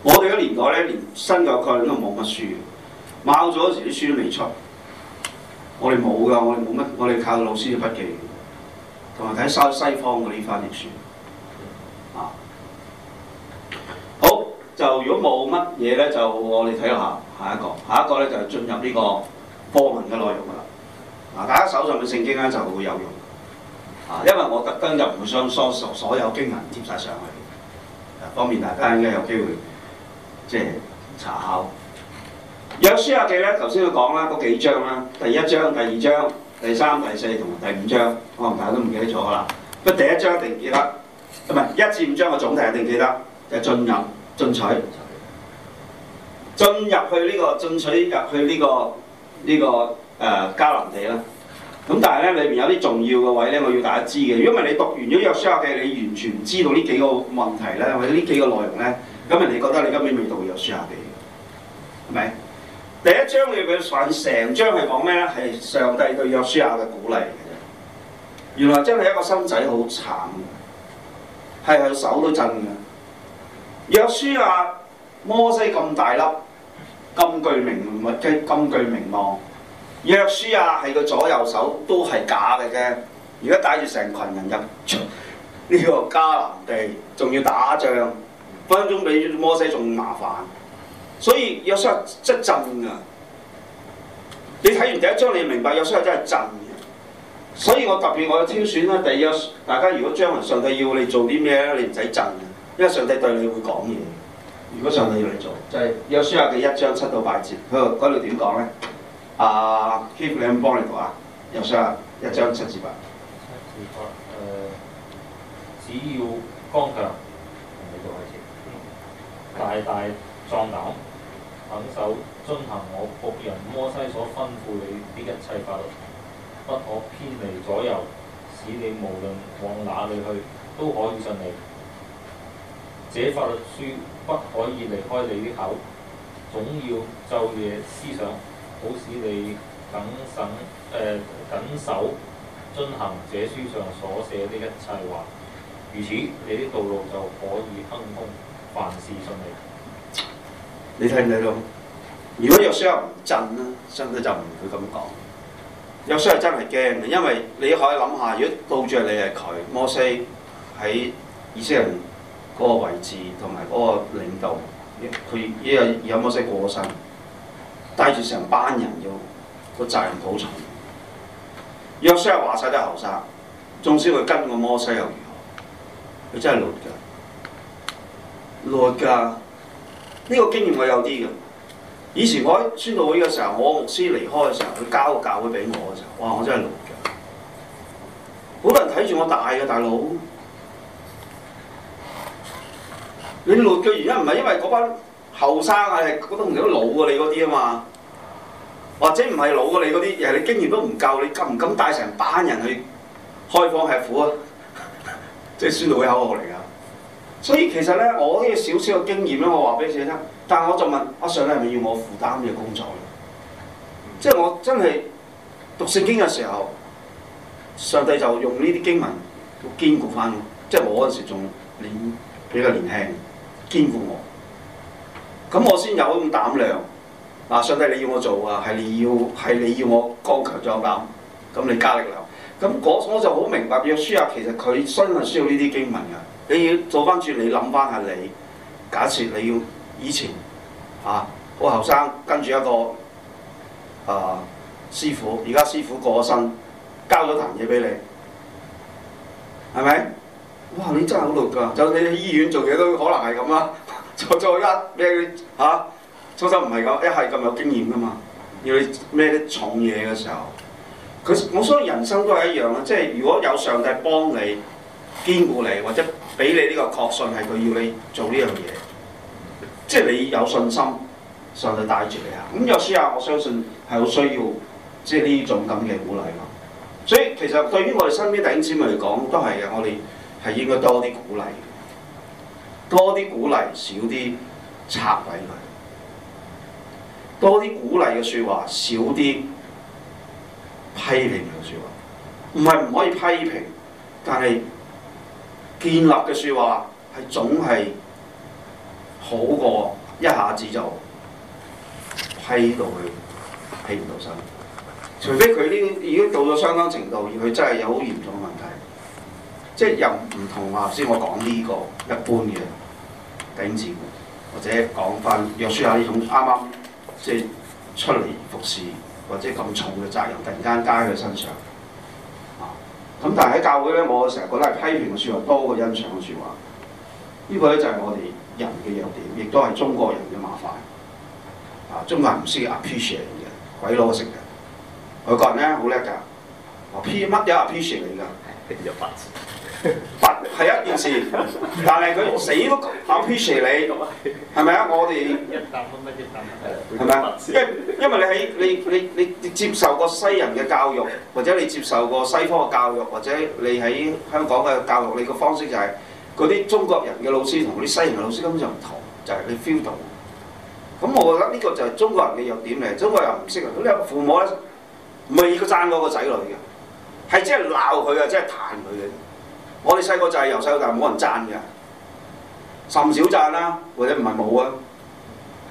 我哋嗰年代呢，連新嘅概論都冇乜書嘅。馬友祖嗰時啲書都未出，我哋冇㗎，我哋冇乜，我哋靠老師嘅筆記，同埋睇西西方嘅呢翻譯啲書。就如果冇乜嘢咧，就我哋睇下下一個，下一個咧就進入呢個課文嘅內容噶啦。嗱，大家手上嘅聖經咧就會有用啊，因為我特登入會將所所所有經文貼晒上去，方便大家應該有機會即係查考約書亞記咧。頭先都講啦，嗰幾章啦，第一章、第二章、第三、第四同埋第五章，可能大家都唔記得咗啦。咁第一章一定記得，唔係一至五章嘅總題一定記得，就係、進入。進取、這個，進入去、這個這個呃、呢個進取入去呢個呢個誒迦南地啦。咁但係咧，裏邊有啲重要嘅位咧，我要大家知嘅。因為你讀完咗約書亞記，你完全唔知道呢幾個問題咧，或者呢幾個內容咧，咁人哋覺得你根本未讀約書亞記，係咪？第一章你會發現成章係講咩咧？係上帝對約書亞嘅鼓勵嚟嘅。原來真係一個新仔好慘，係佢手都震嘅。約書亞、啊、摩西咁大粒、咁具名物嘅、咁具名望，約書亞、啊、係個左右手都係假嘅啫。而家帶住成群人入呢、這個迦南地，仲要打仗，分分鐘比摩西仲麻煩。所以約書亞真係震啊！震你睇完第一章，你明白約書亞真係震。所以我特別我挑選啦，第二，大家如果將來上帝要你做啲咩咧，你唔使震。因為上帝對你會講嘢，如果、嗯、上帝要你做，就係、是《約書亞記》一章七到八節，佢嗰度點講咧？啊、uh,，Keep 你幫你讀啊，約書亞一章七至八。七至八，誒、呃，只要剛強，同你做壞事，的大大壯膽，肯守遵行我僕人摩西所吩咐你的一切法律，不可偏離左右，使你無論往哪裏去都可以順利。這法律書不可以離開你啲口，總要晝夜思想，好使你謹慎、誒、謹守，遵行這書上所寫的一切話，如此你啲道路就可以亨通，凡事順利。你睇唔睇到？如果有衰人唔震啦，衰咧，就唔會咁講。有衰人真係驚嘅，因為你可以諗下，如果倒著你係佢，摩西喺以色列嗰個位置同埋嗰個領導，佢亦有有某些過身？帶住成班人要個責任好重。約書亞係話晒都後生，仲師佢跟個摩西又如何？佢真係落噶，落噶。呢個經驗我有啲嘅。以前我喺宣道會嘅時候，我牧師離開嘅時候，佢交個教會俾我嘅時候，哇！我真係落嘅。好多人睇住我大嘅大佬。你落嘅原因唔係因為嗰班後生啊，覺得唔你都老過你嗰啲啊嘛，或者唔係老過你嗰啲，又係你經驗都唔夠，你敢唔敢帶成班人去開放吃苦啊？即 係宣道會口號嚟㗎。所以其實咧，我呢個少少嘅經驗咧，我話俾你聽。但係我就問阿、啊、上帝係咪要我負擔嘅工作咧？即、就、係、是、我真係讀聖經嘅時候，上帝就用呢啲經文堅固翻。即、就、係、是、我嗰陣時仲年比較年輕。兼顧我，咁我先有咁膽量。啊，上帝你要我做啊，係你要，係你要我剛強壯膽，咁你加力量。咁我，我就好明白約書亞，其實佢真係需要呢啲經文嘅。你要做翻轉，你諗翻下你，假設你要以前啊，好後生跟住一個啊師傅，而家師傅過咗身，交咗談嘢俾你，係咪？哇！你真係好攰㗎，就你喺醫院做嘢都可能係咁啦。再 做一咩吓、啊，初生唔係咁，一係咁有經驗噶嘛。要你咩啲重嘢嘅時候，佢我相信人生都係一樣啦。即係如果有上帝幫你堅固你，或者俾你呢個確信係佢要你做呢樣嘢，即係你有信心，上帝帶住你啊！咁有時啊，我相信係好需要即係呢種咁嘅鼓勵咯。所以其實對於我哋身邊弟兄姊妹嚟講，都係嘅。我哋。係應該多啲鼓勵，多啲鼓勵少啲拆毀佢；多啲鼓勵嘅說話少啲批評嘅說話，唔係唔可以批評，但係建立嘅說話係總係好過一下子就批到佢批唔到曬。除非佢呢已經到咗相當程度，而佢真係有好嚴重。即係又唔同話頭先，我講呢個一般嘅景字，或者講翻約書亞呢種啱啱即係出嚟服侍，或者咁重嘅責任突然間加喺佢身上咁、啊、但係喺教會咧，我成日覺得係批評嘅説話多過欣賞嘅説話。呢個咧就係我哋人嘅弱點，亦都係中國人嘅麻煩啊！中國人唔識 appreciate 嘅，鬼佬識嘅。外國人咧好叻㗎，我 P 乜嘢 appreciate 嚟㗎？你哋 佛 係一件事，但係佢死都 appreciate 你，係咪啊？我哋一啖都唔得一啖，係咪因因為你喺你你你接受過西人嘅教育，或者你接受過西方嘅教育，或者你喺香港嘅教育，你個方式就係嗰啲中國人嘅老師同啲西人嘅老師根本就唔同，就係、是、你 feel 到。咁我覺得呢個就係中國人嘅弱點嚟，中國人唔識啊！咁你父母咧，唔係以佢讚我個仔女嘅，係即係鬧佢嘅，即係彈佢嘅。我哋細個就係由細到大冇人贊嘅，甚少贊啦、啊，或者唔係冇啊，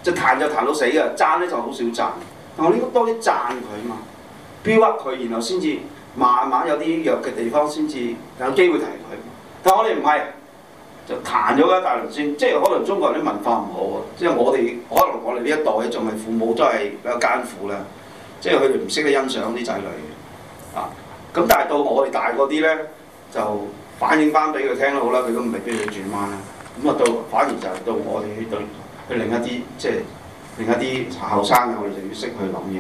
即係彈就彈到死嘅，贊咧就好少贊。但我應該多啲贊佢啊嘛，標屈佢，然後先至慢慢有啲弱嘅地方，先至有機會提佢。但我哋唔係，就彈咗啦大龍先。即係可能中國人啲文化唔好啊，即係我哋可能我哋呢一代仲係父母都係比較艱苦啦，即係佢哋唔識得欣賞啲仔女啊。咁但係到我哋大個啲咧就。反映翻俾佢聽好都好啦，佢都唔係都要轉彎啦。咁啊到反而就到我哋對去另一啲即係另一啲後生啊，我哋就要識去諗呢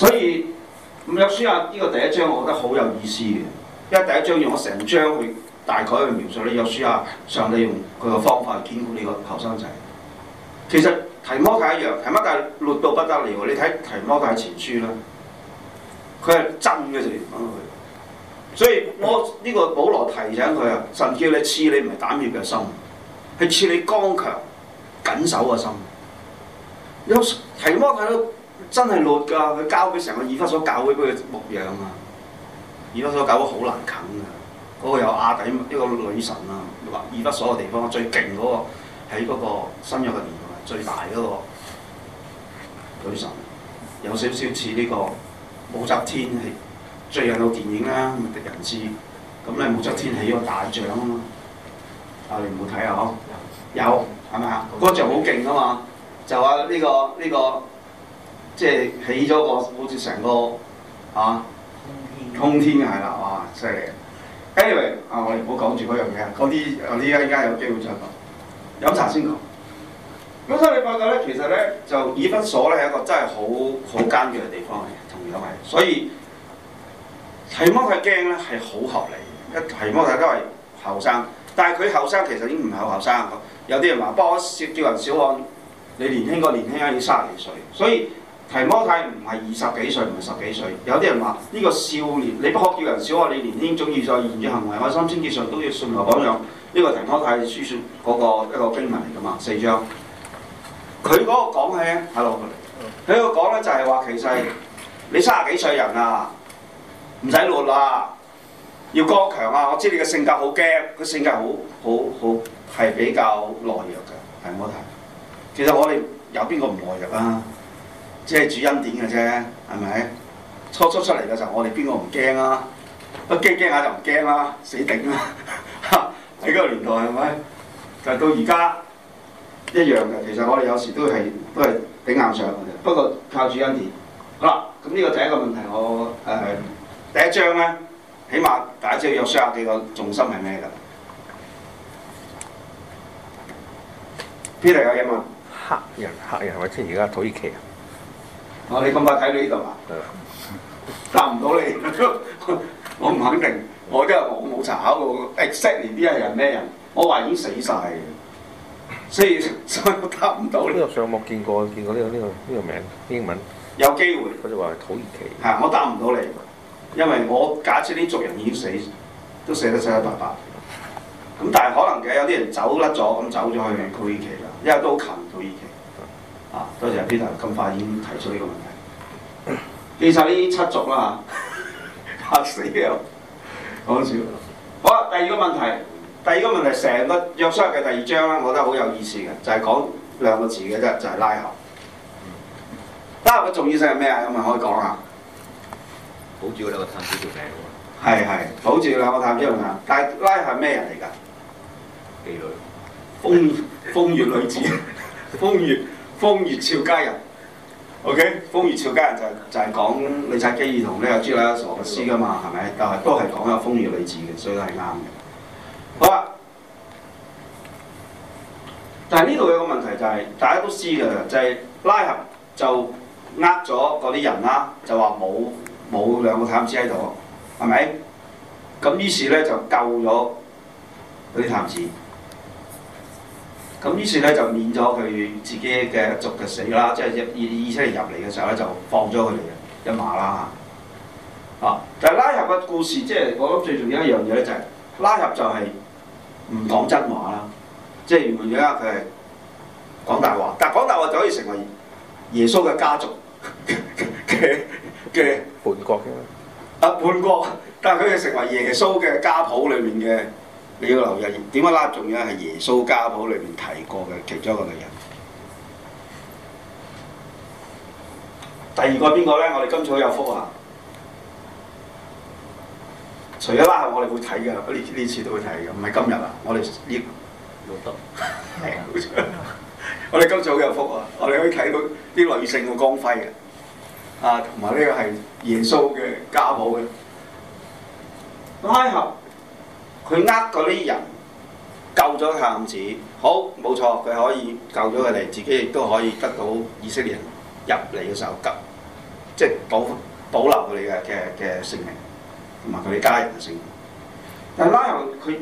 樣嘢。所以約書亞啊，呢個第一章我覺得好有意思嘅，因為第一章用咗成章去大概去描述咧，你約書亞，上帝用佢嘅方法去堅固你個後生仔。其實提摩太一樣，提摩太亂到不得了，你睇提摩太前書啦，佢係真嘅就嚟所以，我呢個保羅提醒佢啊，神叫你賜你唔係膽怯嘅心，係賜你剛強、緊守嘅心。有提摩太都真係劣㗎，佢交俾成個以弗所教會俾佢牧養啊。以弗所教會好難啃㗎，嗰、那個有亞底一、這個女神啊，話以弗所嘅地方最勁嗰、那個，喺嗰個新約嘅年代最大嗰個女神，有少少似呢個武則天氣。最近套電影啦，《狄仁傑之》咁咧，武則天起咗打仗啊！你唔好睇下嗬，有係咪啊？嗰場好勁啊嘛！就話呢、這個呢、這個即係、就是、起咗個好似成個啊，通天係啦，啊，犀利天、啊、！Anyway，啊，我哋唔好講住嗰樣嘢啊，嗰啲啊，呢家呢家有機會再講。飲茶先講。咁、嗯、所以你發覺咧，其實咧就以弗所咧係一個真係好好艱鉅嘅地方嚟嘅，同樣係，所以。提摩太驚咧，係好合理。一提摩太都係後生，但係佢後生其實已經唔係後生。有啲人話：不可叫人小看，你年輕過年輕人已經卅幾歲。所以提摩太唔係二十幾歲，唔係十幾歲。有啲人話呢個少年，你不可叫人小看。你年輕，總要在言語行為我三千至上都要信為榜樣。呢、這個提摩太輸出嗰個一個經文嚟㗎嘛，四章。佢嗰個講起，係咯，佢嗰個講咧就係話，Hello, 話其實你卅幾歲人啊。唔使攞啦，要剛強啊！我知你嘅性格好驚，佢性格好好好係比較懦弱嘅，係唔好睇。其實我哋有邊個唔懦弱啊？即係主恩典嘅啫，係咪初初出嚟嘅時候，我哋邊個唔驚啊？都驚驚下就唔驚啦，死頂啦、啊！喺嗰個年代係咪？但到而家一樣嘅，其實我哋有時都係都係頂硬上嘅。不過靠主恩典。好啦，咁呢個第一個問題。我誒。第一張咧、啊，起碼大家知道約書亞記個重心係咩㗎？邊度有嘢冇？黑人黑人係咪即係而家土耳其、啊？哦、啊，你咁快睇到呢度啊？ 答唔到你， 我唔肯定。我因為我冇查考過，exactly 呢個人咩人？我懷疑已經死晒！所以所以 我答唔到你。呢個上網見過，見過呢、這個呢個呢個名英文。有機會。佢就話土耳其。係、啊，我答唔到你。因為我假設呢族人已經死，都死得七七八八，咁但係可能嘅有啲人走甩咗，咁走咗去土耳其啦，因為都好近土耳其。啊，多謝 Peter 咁快已經提出呢個問題。其實呢七族啦、啊、嚇，嚇死我！講笑。好啦，第二個問題，第二個問題成個約書亞記第二章咧，我覺得好有意思嘅，就係講兩個字嘅啫，就係、是、拉合。拉合嘅重要性係咩啊？有冇人可以講下？好似個啦個探子條命喎，係好似住啦個探子條命，但係拉合咩人嚟㗎？妓女，風風月女子， 風月風月俏佳人，OK，風月俏佳人就是、就係講李察基爾呢咧朱麗安娜索普㗎嘛，係咪？但係都係講有個風月女子嘅，所以都係啱嘅。好啦，但係呢度有個問題就係、是，大家都知㗎，就係、是、拉合就呃咗嗰啲人啦，就話冇。冇兩個探子喺度，係咪？咁於是咧就救咗嗰啲探子。咁於是咧就免咗佢自己嘅一族嘅死啦，即係意意意思入嚟嘅時候咧就放咗佢哋嘅一馬啦嚇。啊！但係拉合嘅故事，即係我諗最重要一樣嘢咧就係拉合就係唔講真話啦。即係原本而家佢係講大話，但係講大話就可以成為耶穌嘅家族嘅。 嘅的叛國嘅，啊叛國，但係佢哋成為耶穌嘅家譜裏面嘅，你、嗯、要留意點解啦？仲有係耶穌家譜裏面提過嘅其中一個女人。嗯、第二個邊個咧？我哋今次好有福啊！除咗啦，我哋會睇嘅，呢呢次都會睇嘅，唔係今日啊！我哋呢，都得、嗯，係 我哋今次好有福啊！我哋可以睇到啲女性嘅光輝嘅。啊，同埋呢個係耶穌嘅家譜嘅拉合，佢呃嗰啲人救咗亞門子，好冇錯，佢可以救咗佢哋，自己亦都可以得到以色列人入嚟嘅時候急，即係、就是、保保留佢哋嘅嘅嘅性命，同埋佢哋家人嘅性命。但拉合佢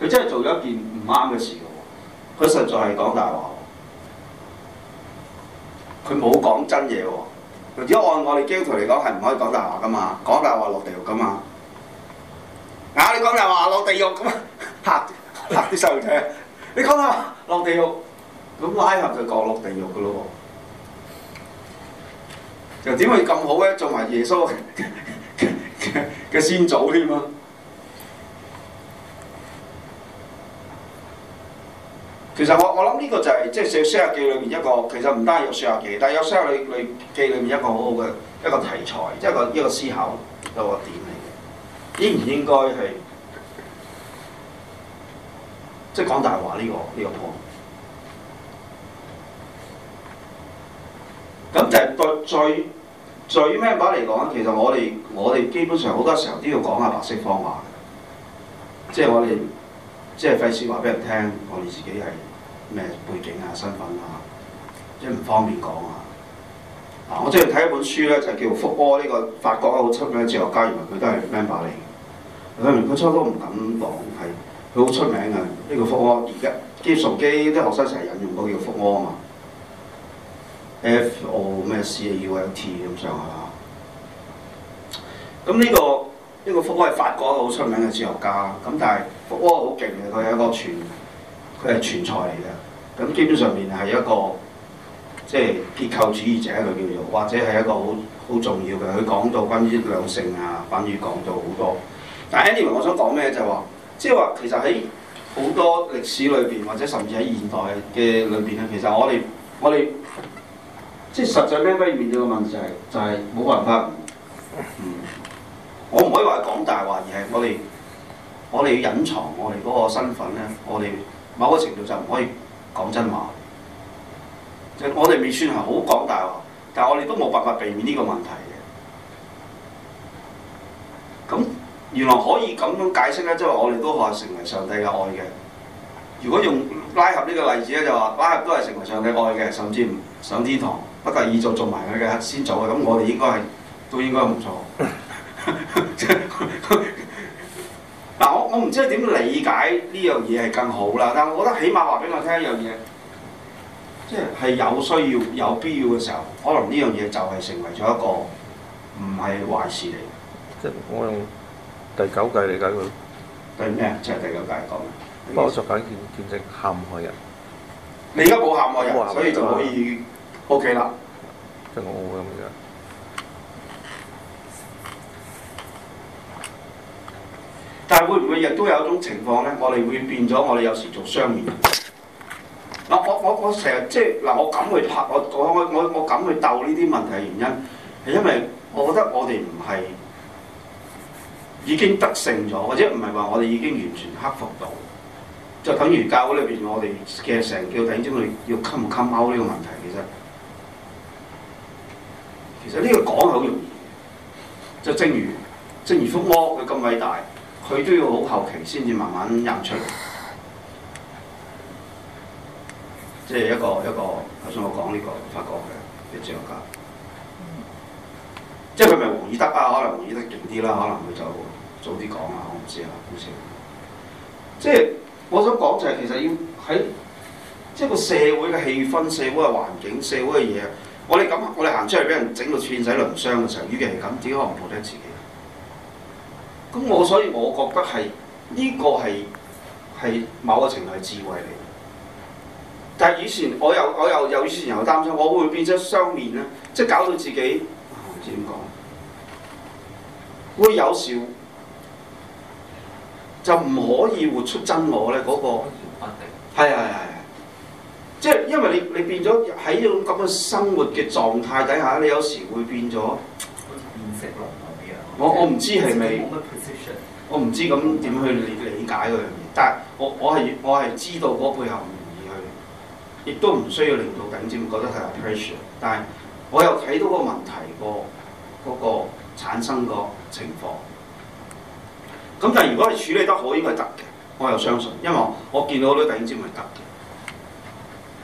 佢真係做咗一件唔啱嘅事嘅，佢實在係講大話，佢冇講真嘢喎。如果按我哋基督徒嚟講，係唔可以講大話噶嘛，講大話落地獄噶嘛。啊，你講大話落地獄噶嘛，吓啲細路仔，你講大話，落地獄，咁拉後就講落地獄噶咯。又點會咁好咧？做埋耶穌嘅嘅先祖添啊！其實我我諗呢個就係即係《士師記》裏面一個，其實唔單止有《士師記》，但係有《士師記》裏面一個好好嘅一個題材，即係一個一個思考一個點嚟嘅。應唔應該係即係講大話呢個呢個 point？咁就係對最最咩話嚟講？其實我哋我哋基本上好多時候都要講下白色謊話，即係我哋即係費事話俾人聽，我哋自己係。咩背景啊、身份啊，即係唔方便講啊。嗱、啊，我即係睇一本書咧，就是、叫福柯呢個法國好、這個、出名嘅哲學家，原來佢都係 member 嚟。咁佢初都唔敢講係，佢好出名嘅呢、這個福柯。而家崇基啲學生成日引用嗰個叫福柯啊嘛，F O 咩 C U L T 咁上下。咁呢、這個呢、這個福柯係法國好出名嘅哲學家，咁但係福柯好勁嘅，佢有一個傳。佢係全才嚟嘅，咁基本上面係一個即係結構主義者面，佢叫做或者係一個好好重要嘅。佢講到關於兩性啊，反而講到好多。但係 anyway，我想講咩就係話，即係話其實喺好多歷史裏邊，或者甚至喺現代嘅裏邊啊，其實我哋我哋即係實際咧，可以面對嘅問題就係就係冇辦法，嗯，我唔可以話講大話，而係我哋我哋要隱藏我哋嗰個身份咧，我哋。某個程度就唔可以講真話，即係我哋未算係好講大話喎，但係我哋都冇辦法避免呢個問題嘅。咁原來可以咁樣解釋呢，即係我哋都可以成為上帝嘅愛嘅。如果用拉合呢個例子咧，就話拉合都係成為上帝嘅愛嘅，甚至上天堂，不過二再做埋佢嘅先做啊。咁我哋應該係都應該冇錯。 我唔知點理解呢樣嘢係更好啦，但係我覺得起碼話俾我聽一樣嘢，即係係有需要、有必要嘅時候，可能呢樣嘢就係成為咗一個唔係壞事嚟。即係我用第九誡理解佢。第咩啊？即係第九誡嚟講。不可時作假見見，見證陷害人。你而家冇陷害人，人所以就可以 O K 啦。啊 okay、了即係我咁樣。但係會唔會亦都有一種情況咧？我哋會變咗，我哋有時做雙面。嗱，我我我成日即係嗱，我敢去拍，我我我我敢去鬥呢啲問題嘅原因係因為我覺得我哋唔係已經得勝咗，或者唔係話我哋已經完全克服到。就等於教會裏邊我哋其實成叫頂尖去要禁唔禁歐呢個問題，其實其實呢個講係好容易。就正如正如福摩佢咁偉大。佢都要好後期先至慢慢印出嚟，即係一個一個頭先我講呢個法國嘅哲學家，即係佢咪黃爾德啊？可能黃爾德勁啲啦，可能佢就早啲講啊！我唔知啊，好似即係我想講就係其實要喺即係個社會嘅氣氛、社會嘅環境、社會嘅嘢。我哋咁，我哋行出去俾人整到寸死鱗傷嘅時候，尤其係咁，只可能保護自己。咁我所以我覺得係，呢個，係，係某個程度係智慧嚟，但係以前我又我又又以前又擔心，我會變咗雙面啦，即係搞到自己唔知點講，會有時就唔可以活出真我咧。嗰個係，係，係，即係，因為你你變咗喺呢種咁嘅生活嘅狀態底下，你有時會變咗。我我唔知係咪，我唔知咁點去理理解嗰樣嘢。但係我我係我係知道嗰個配合又唔容易去，亦都唔需要令到頂尖覺得太大 pressure。但係我又睇到個問題個嗰、嗰個產生個情況。咁但係如果係處理得好應該得嘅，我又相信，因為我我見到好多頂尖係得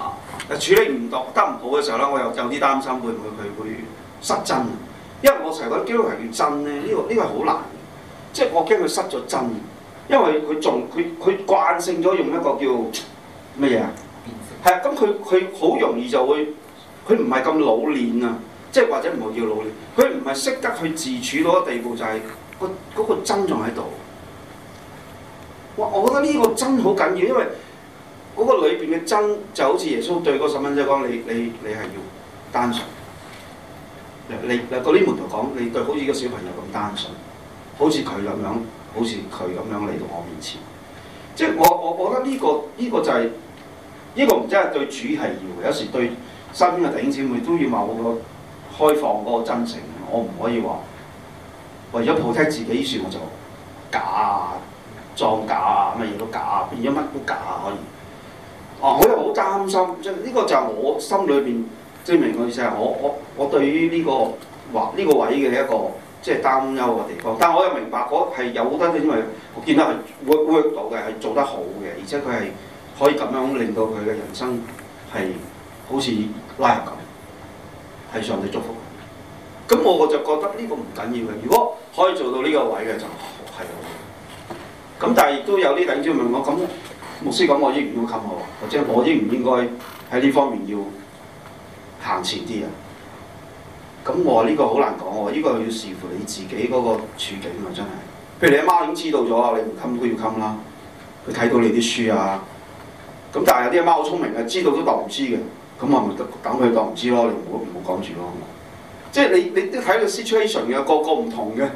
嘅。啊，處理唔到得唔好嘅時候咧，我又有啲擔心會唔會佢會失真。因為我成日覺得基督教係要真咧，呢、這個呢、這個係好難即係我驚佢失咗真，因為佢仲佢佢慣性咗用一個叫乜嘢啊？係啊，咁佢佢好容易就會，佢唔係咁老練啊，即係或者唔係叫老練，佢唔係識得去自處到嘅地步、就係，就、那、係個嗰、嗰個真仲喺度。哇！我覺得呢個真好緊要，因為嗰個裏邊嘅真就好似耶穌對嗰細蚊仔講：你你你係要單純。嚟嚟嗰啲門徒講，你對好似個小朋友咁單純，好似佢咁樣，好似佢咁樣嚟到我面前，即係我我覺得呢個呢個就係、是、呢個唔真係對主係要，有時對身邊嘅弟兄姊妹都要某個開放嗰個真誠，我唔可以話為咗 protect 自己算我就假啊、裝假啊、乜嘢都假啊，變咗乜都假可以，哦、啊，我又好擔心，即係呢個就我心裏邊。即係明我意思係，我我我對於呢、這個話呢、這個位嘅一個即係擔憂嘅地方，但我又明白嗰係有得，因為我見到係 work, work 到嘅係做得好嘅，而且佢係可以咁樣令到佢嘅人生係好似拉入咁，係上帝祝福。咁我我就覺得呢個唔緊要嘅，如果可以做到呢個位嘅就係好。咁但係亦都有呢等，即係問我咁牧師講，我應唔要給我？或者我應唔應該喺呢方面要？行前啲啊，咁我話呢個好難講喎，呢個要視乎你自己嗰個處境啊，真係。譬如你阿媽已經知道咗啊，你唔襟都要襟啦。佢睇到你啲書啊，咁但係有啲阿媽好聰明啊，知道都當唔知嘅，咁我咪等佢當唔知咯，你唔好唔好講住咯。即係你你睇到 situation 嘅，個個唔同嘅，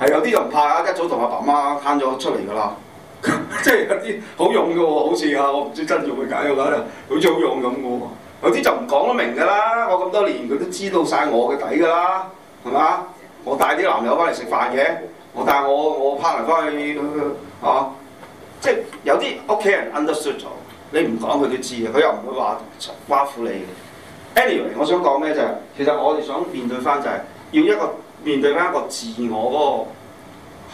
係有啲就唔怕啊，一早同阿爸媽喊咗出嚟㗎啦。 即係有啲好用嘅喎，好似啊，我唔知真用定假用啦，好似好用咁嘅喎。有啲就唔講得明㗎啦，我咁多年佢都知道晒我嘅底㗎啦，係嘛？我帶啲男友翻嚟食飯嘅，我帶我我 partner 翻去，啊，即係有啲屋企人 understood 咗，你唔講佢都知嘅，佢又唔會話挖苦你。Anyway，我想講咩就係、是，其實我哋想面對翻就係、是、要一個面對翻一個自我嗰、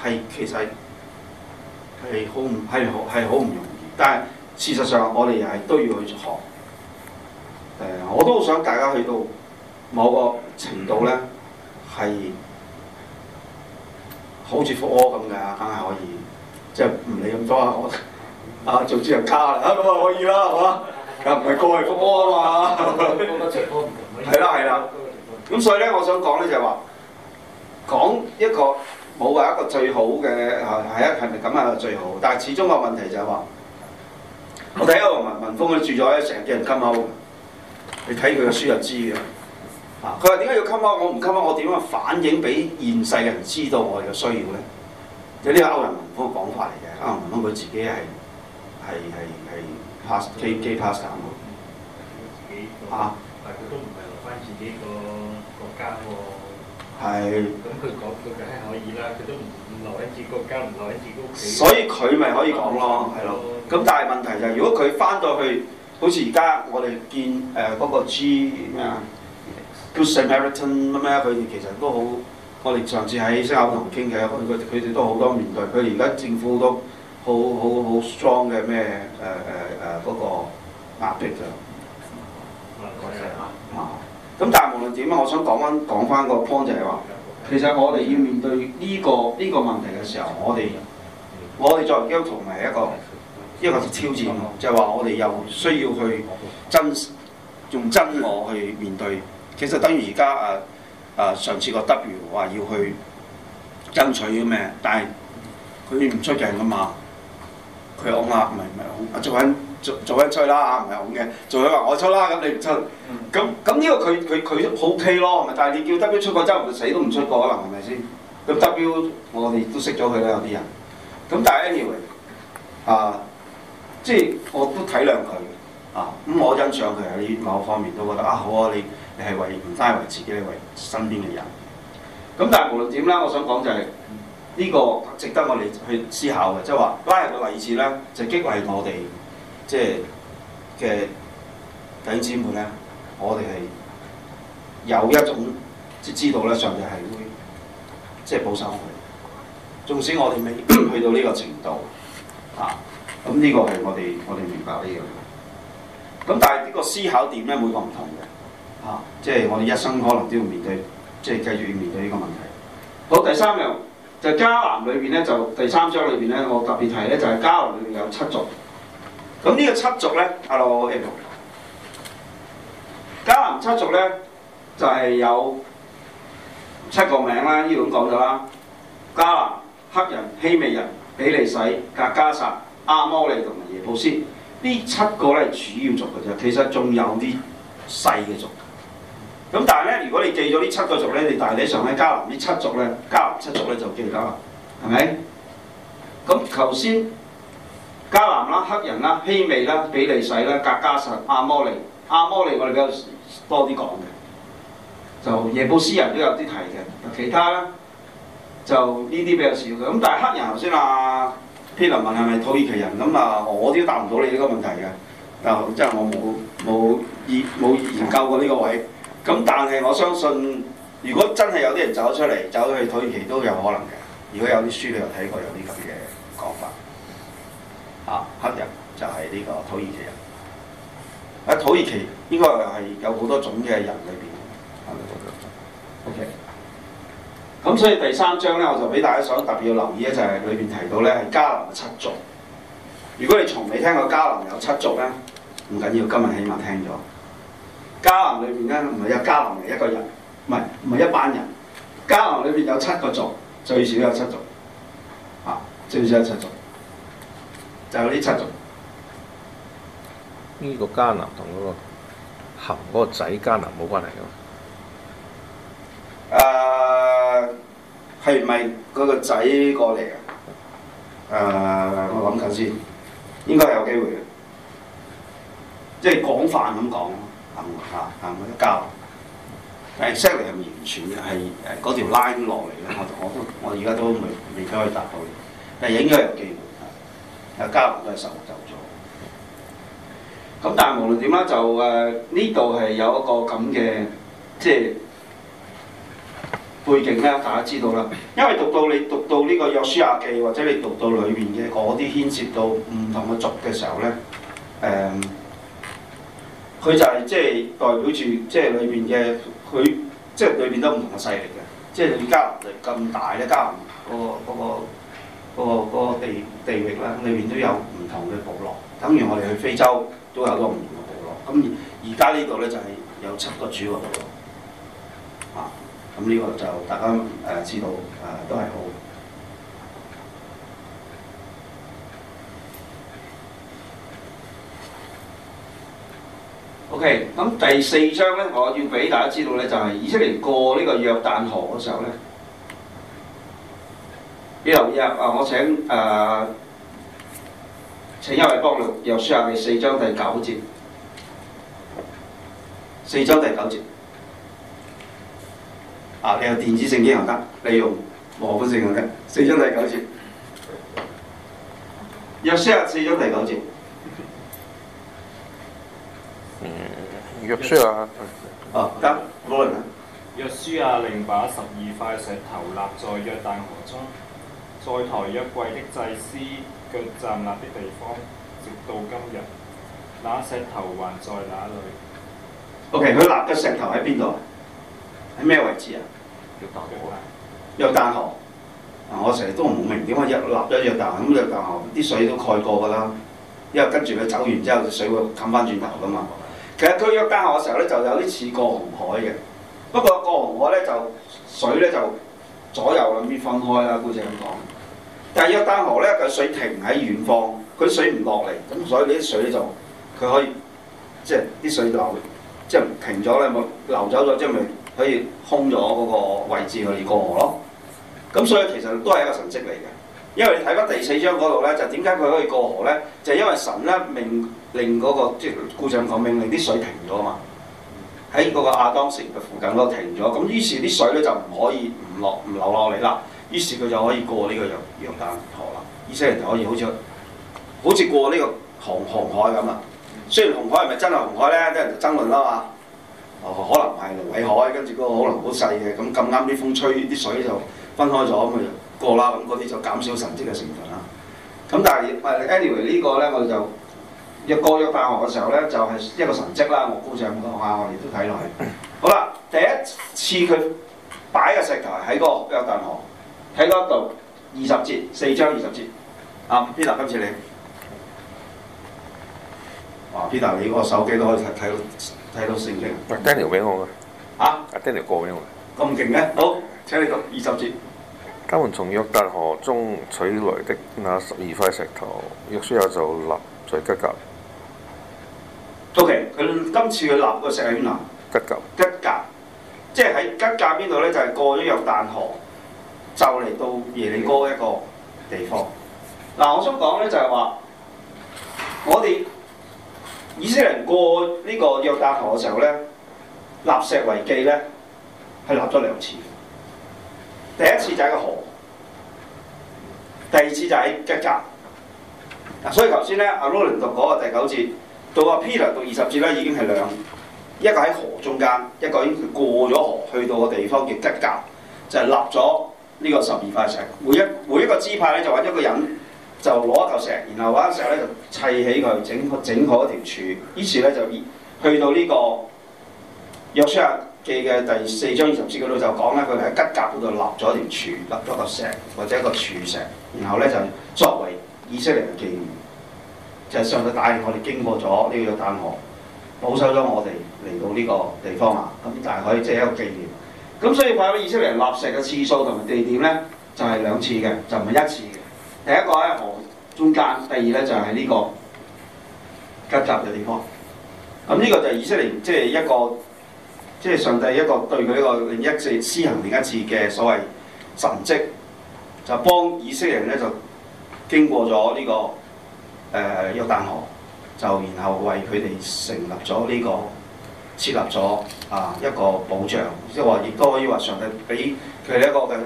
那個係其實係好唔係係好唔容易，但係事實上我哋又係都要去學。呃、我都想大家去到某個程度呢，係好似福哥咁嘅，梗、係、可以即係唔理咁多我啊！阿做主人家啦，咁啊可以啦，係嘛？唔係個係福哥啊嘛？係啦係啦，咁所以呢，我想講呢，就係話講一個冇話一個最好嘅係係咪份咁啊最好，但係始終個問題就係話我睇到文文峰佢住咗成幾人金口。你睇佢嘅書就知嘅，啊！佢話點解要給啊？我唔給啊，我點樣反映俾現世嘅人知道我哋嘅需要咧？就呢歐文黃峯嘅講法嚟嘅，歐文黃峯佢自己係係係係 pass key key pass 咁，但係佢都唔係留翻自己個國家喎，係。咁佢講梗係可以啦，佢都唔留喺住國家，唔留喺住自己屋企。所以佢咪可以講咯，係咯、啊。咁的但係問題就係、是，如果佢翻到去。好似而家我哋見誒嗰、呃嗰個 G 咩啊，Good Samaritan 咩？佢哋其實都好，我哋上次喺西加坡同傾嘅，佢佢哋都好多面對佢哋而家政府都好好好 strong 嘅咩誒誒誒嗰個壓迫就。唔該咁但係無論點啊，我想講翻講翻個 point 就係話，其實我哋要面對呢、呢個呢、呢個問題嘅時候，我哋我哋作為基督徒係一個。一個係挑戰，就係、是、話我哋又需要去真用真我去面對。其實等於而家誒誒上次個 W 話要去爭取嘅咩，但係佢唔出鏡㗎嘛，佢我壓唔係唔係紅，做緊做做緊吹啦，唔係紅嘅，做緊話、啊、我出啦，咁你唔出，咁咁呢個佢佢佢 OK 咯，咪但係你叫 W 出個真，佢死都唔出個可能係咪先？咁 W 我哋都識咗佢啦，有啲人。咁但係 anyway 啊～即係我都體諒佢啊！咁我欣賞佢喺某方面都覺得啊好啊！你你係為唔單係為自己，你為身邊嘅人。咁但係無論點啦，我想講就係呢個值得我哋去思考嘅，即係話拉入嘅例子咧，就激勵我哋即係嘅弟兄姊妹咧，我哋係有一種即知道咧，上帝係會即係保守佢，縱使我哋未去到呢個程度啊。咁呢個係我哋我哋明白呢樣，咁但係呢個思考點呢，每個唔同嘅，啊，即係我哋一生可能都要面對，即係繼續要面對呢個問題。好，第三樣就迦南裏面呢，就係第三章裏面呢，我特別提咧就係迦南裏面有七族，咁呢個七族咧，阿老希木，哦、迦南七族呢，就係有七個名啦，呢度咁講咗啦，迦南黑人、希美人、比利使、格加薩。阿摩利同埋耶布斯，呢七個係主要族嘅啫。其實仲有啲細嘅族，咁但係呢，如果你記咗呢七個族呢，你大體上喺迦南呢七族呢，迦南七族呢就記得啦，係咪？咁頭先迦南啦、赫人啦、希未啦、比利洗啦、革迦撒、亞摩利、亞摩利我哋比較多啲講嘅，就耶布斯人都有啲提嘅，其他呢就呢啲比較少嘅。咁但係赫人頭先話。啲人問係咪土耳其人咁啊？我都答唔到你呢個問題嘅，啊即係我冇冇研冇研究過呢個位。咁但係我相信，如果真係有啲人走出嚟走去土耳其都有可能嘅。如果有啲書你又睇過有啲咁嘅講法，啊黑人就係呢個土耳其人。喺土耳其應該係有好多種嘅人裏邊。Okay. 咁所以第三章咧，我就俾大家想特別要留意咧，就係裏邊提到咧係迦南嘅七族。如果你從未聽過迦南有七族咧，唔緊要，今日起碼聽咗。迦南裏邊咧唔係有迦南嘅一個人，唔係唔係一班人。迦南裏邊有七個族，最少有七族。啊，最少有七族，就係、是、呢七族。呢個迦南同嗰個含嗰、嗰個仔迦南冇關係㗎。誒係咪嗰個仔過嚟啊？誒、uh，我諗緊先，應該係有機會嘅，即係廣泛咁講行嚇行嗰啲交流，誒，勢力係唔完全嘅，係誒嗰條 line 落嚟嘅，我我都我而家都未未可以答到，但係影咗有機會，誒交流都係受就咗，咁但係無論點啦，就誒呢度係有一個咁嘅即係。就是背景咧，大家知道啦，因為讀到你讀到呢個《約書亞記》，或者你讀到裏邊嘅嗰啲牽涉到唔同嘅族嘅時候咧，誒、嗯，佢就係即係代表住即係裏邊嘅佢，即係裏邊都唔同嘅勢力嘅，即係加納力咁大咧，加納嗰、嗰個嗰、嗰個、嗰個、嗰個嗰個地地域啦，裏邊都有唔同嘅部落，等於我哋去非洲都有個唔同嘅部落，咁而而家呢度咧就係、是、有七個主喎。咁呢個就大家誒知道誒都係好。OK，咁第四章咧，我要俾大家知道咧，就係、是、以色列過呢個約旦河嗰時候咧，呢頭約啊，我請誒、啊、請一位幫我又輸入第四章第九節，四章第九節。啊！你用電子成經合得，你用黃金成經合得。四章第九節，約書亞四章第九節。嗯，約書亞，哦，吉安。約書亞，另把十二塊石頭立在約但河中，在抬約櫃的祭司腳站立的地方，直到今日，那石頭還在那裡。O K，佢立嘅石頭喺邊度啊？喺咩位置啊？約旦河啊！約旦河啊！我成日都唔好明點解一立咗約旦河咁，約旦河啲水都蓋過㗎啦，因為跟住佢走完之後，水會冚返轉頭㗎嘛。其實佢約旦河嘅時候咧，就有啲似過紅海嘅，不過過紅海咧就水咧就左右兩邊分開啦，姑姐咁講。但係約旦河咧嘅水停喺遠方，佢水唔落嚟，咁所以啲水咧就佢可以即係啲水流即係停咗咧，冇流走咗，即係咪？可以空咗嗰個位置去過河咯，咁所以其實都係一個神跡嚟嘅。因為你睇返第四章嗰度呢，就點解佢可以過河呢？就係、因為神呢命令嗰、嗰個即係故事講命令啲水停咗啊嘛，喺嗰個亞當城嘅附近都停咗。咁於是啲水呢，就唔可以唔落唔流落嚟啦。於是佢就可以過呢個約約旦河啦。而且人就可以好似好似過呢個紅紅海咁啊。雖然紅海係咪真係紅海呢？啲人就係、爭論啦嘛。可能係蘆葦海，跟住嗰個可能好細嘅，咁咁啱啲風吹啲水就分開咗，咁就過啦，咁嗰啲就減少神蹟嘅成分啦。咁但係 anyway 呢個咧，我哋就一過咗大學嘅時候咧，就係、是、一個神蹟啦。我高上、長講校，我哋都睇落去。好啦，第一次佢擺個石頭喺嗰個大學喺嗰度二十節四章二十節啊，Peter 今次你啊，Peter 你個手機都可以睇睇到。睇到成績，阿 Daniel 俾我㗎，啊，阿 Daniel,、啊啊、Daniel 過俾我，咁勁嘅，好，請你讀二十字。他們從約旦河中取來的那十二塊石頭，約書亞就立在吉甲。O.K.，佢今次佢立個石喺邊啊？吉甲。吉甲，即係喺吉甲邊度咧？就係過咗約旦河，就嚟到耶利哥一個地方。嗱、嗯嗯啊，我想講咧就係話，我哋。以色列人過呢個約旦河嘅時候呢，立石為記呢，係立咗兩次。第一次就係個河，第二次就係吉甲。嗱，所以頭先呢，阿羅倫讀嗰個第九節，到阿 Peter 嚟讀二十節呢，已經係兩，一個喺河中間，一個已經過咗河去到個地方叫吉甲，就係、是、立咗呢個十二塊石。每一每一個支派呢，就搵一個人。就攞一嚿石，然後揾啲石咧就砌起佢，整好整，整好一條柱。於是咧就去到呢、這個約書亞記嘅第四章二十節嗰度就講咧，佢喺吉甲嗰度立咗條柱，立咗個石或者一個柱石，然後咧就作為以色列嘅記念，就係、是、上帝帶領我哋經過咗呢個約旦河，保守咗我哋嚟到呢個地方啊。咁但係可以即係一個紀念。咁所以派俾以色列人立石嘅次數同埋地點咧，就係、是、兩次嘅，就唔係一次嘅。第一個喺河中間，第二咧就係呢個急窄嘅地方。咁、嗯、呢、嗯、個就以色列即係、就是、一個即係、就是、上帝一個對佢呢個另一次施行另一次嘅所謂神蹟，就幫以色列人咧就經過咗呢、這個誒約旦河，就然後為佢哋成立咗呢、這個設立咗啊一個保障，即係話亦都可以話上帝俾佢哋一個嘅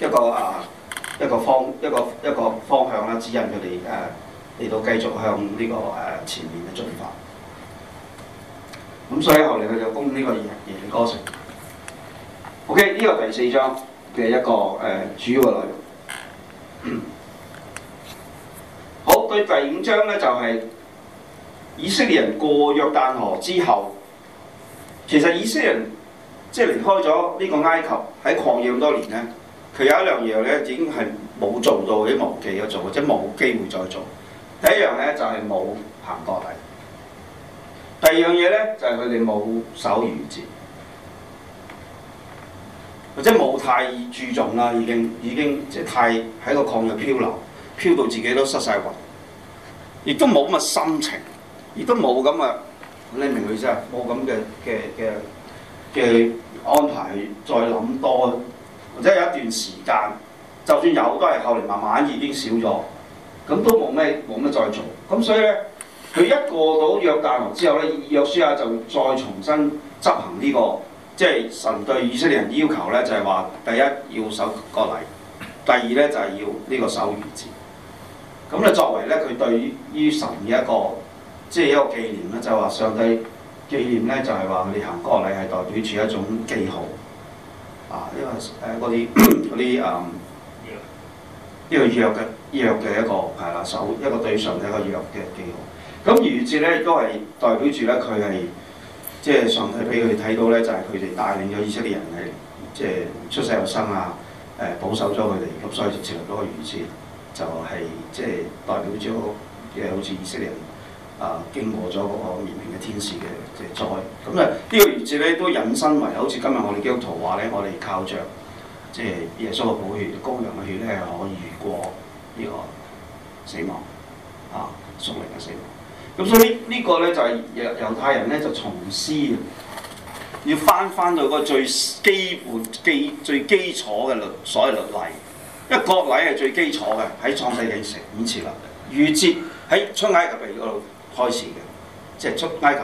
一個啊。一個方一個一個方向啦，指引佢哋誒嚟到繼續向呢、這個誒、呃、前面嘅進發。咁所以後嚟佢就攻呢、這個耶耶嘅歌城。OK，呢個第四章嘅一個誒、呃、主要嘅內容、嗯。好，對第五章呢，就係、是、以色列人過約旦河之後，其實以色列人即係離開咗呢個埃及喺曠野咁多年呢。佢有一兩樣嘢，咧已經係冇做到，已經忘記咗做，或者冇機會再做。第一樣咧就係冇行過嚟。第二樣嘢咧就係佢哋冇守逾越節，或者冇太注重啦，已經已經即係太喺個抗日漂流，漂到自己都失晒魂，亦都冇咁嘅心情，亦都冇咁嘅，你明唔明佢意思啊？冇咁嘅嘅嘅嘅安排，再諗多。或者有一段時間，就算有都係後嚟慢慢已經少咗，咁都冇咩冇乜再做。咁所以呢，佢一過到約但河之後呢，約書亞就再重新執行呢個，即係神對以色列人要求呢，就係話第一要守割禮，第二呢就係要呢個守逾節。咁呢作為呢，佢對於神嘅一個，即係一個紀念呢，就係話上帝紀念呢，就係話你行割禮係代表住一種記號。啊，因為誒嗰啲嗰啲誒，因為約嘅約嘅一個係啦、啊，手一個對上嘅一個約嘅記號。咁逾越節咧亦都係代表住咧佢係即係上帝俾佢哋睇到咧，就係佢哋帶領咗以色列人係即係出世又生啊誒、呃，保守咗佢哋，咁所以就設立嗰個逾越節，就係即係代表咗嘅好似以色列人。啊！經過咗嗰個憐憫嘅天使嘅嘅災，咁啊、這個、呢個預節咧都引申為好似今日我哋基督徒話咧，我哋靠着即係耶穌嘅寶血、羔羊嘅血咧，可以過呢個死亡啊，送命嘅死亡。咁所以呢個咧就係猶猶太人咧就重思，要返返到嗰個最基本、基最基礎嘅律，所謂律例，因為國例係最基礎嘅，喺創世紀成以前啦，預節喺出埃及嗰度。開始嘅，即係出埃及、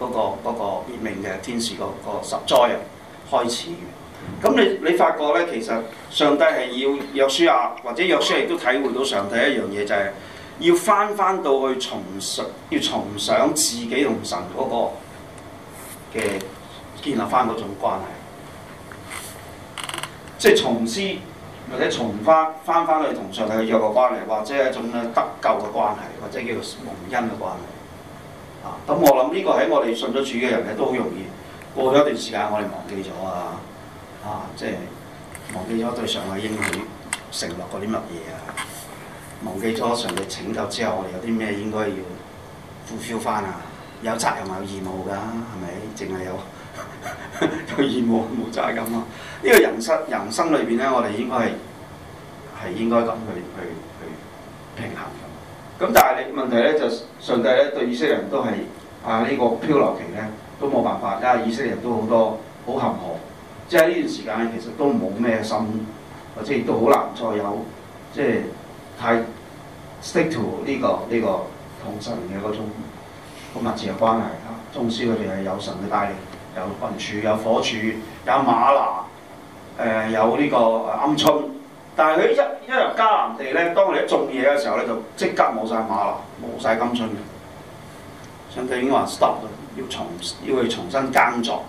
嗰個，嗰、嗰個嗰個滅命嘅天使、嗰個、嗰個十災啊開始嘅。咁你你發覺呢？其實上帝係要約書亞，或者約書亞亦都體會到上帝一樣嘢、就係，就係要翻翻到去重想，要重想自己同神嗰個嘅建立翻嗰種關係，即係重思。或者重翻翻翻去同上帝約個關係，或者係一種咧得救嘅關係，或者叫做蒙恩嘅關係咁、啊、我諗呢個喺我哋信咗主嘅人咧都好容易過咗一段時間，我哋忘記咗啊啊！即係忘記咗對上帝應許承諾嗰啲乜嘢啊，忘記咗上帝拯救之後我哋有啲咩應該要付銷翻啊，有責任有義務㗎，係咪？淨係有。有義務、冇責任啊！呢、這個人生人生裏邊咧，我哋應該係係應該咁去去去平衡咁。咁但係你問題咧，就上帝咧對以色列人都係啊、這個，呢個漂流期咧都冇辦法。而家以色列人都好多好含糊，即係呢段時間其實都冇咩心，或者亦都好難再有即係太 stick to 呢，這個呢，這個同神嘅嗰種密切關係啊。總之佢哋係有神嘅帶領。有雲柱，有火柱，有嗎哪，誒、呃、有呢個鵪鶉。但係佢一因為迦南地咧，當你哋種嘢嘅時候咧，你就即刻冇晒嗎哪，冇晒鵪鶉嘅。相對應話 stop 要重，要去重新耕作、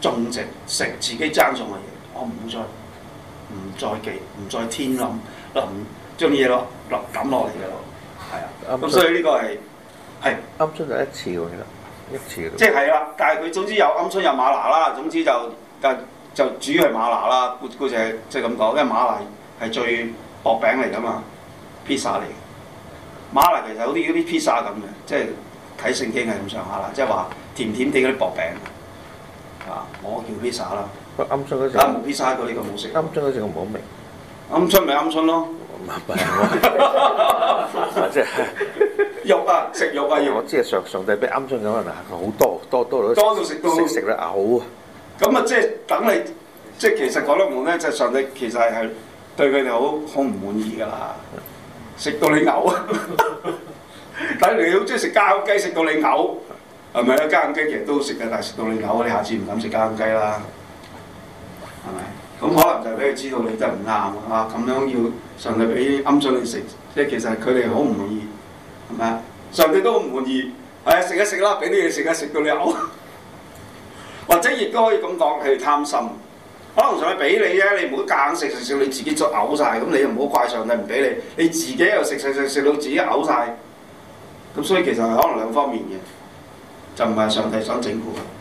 種植，食自己耕種嘅嘢。我唔再唔再記，唔再天諗，落唔將啲嘢落落落嚟嘅。係啊，咁叉所以呢個係係鵪鶉就一次即係係啦，但係佢總之有鵪鶉有馬拿啦，總之就就就主要係馬拿啦，故故就係即係咁講，因為馬拿係最薄餅嚟噶嘛，pizza 嚟。馬拿其實好似嗰啲 pizza 咁嘅，即係睇聖經係咁上下啦，即係話甜甜地嗰啲薄餅啊，我叫 pizza 啦。鵪鶉嗰陣，啱冇 pizza 呢個冇食。鵪鶉嗰陣我冇味，鵪鶉咪鵪鶉咯。即 係肉啊，食肉啊，肉我知啊，上上帝俾啱中咗嗱，好多多多，多到，到，多到食到食到嘔啊！咁啊，即係等你，即係其實講得唔好咧，就係、上帝其實係對佢哋好好唔滿意噶啦，食到你嘔，等 你好中意食家鄉雞食到你嘔，係咪啊？家鄉雞其實都食嘅，但係食到你嘔，你下次唔敢食家鄉雞啦，係咪？咁可能就俾佢知道你得唔啱啊！咁樣要上帝畀啲鵪鶉你食，即係其實佢哋好唔滿意，係咪？上帝都唔滿意，係、哎、啊，食一食啦，俾啲嘢食啊食到你嘔，或者亦都可以咁講，佢貪心，可能上帝畀你啫，你唔好夾硬食食食，你自己再嘔晒。咁你又唔好怪上帝唔俾你，你自己又食食食食到自己嘔晒。咁所以其實係可能兩方面嘅，就唔係上帝想整蠱佢。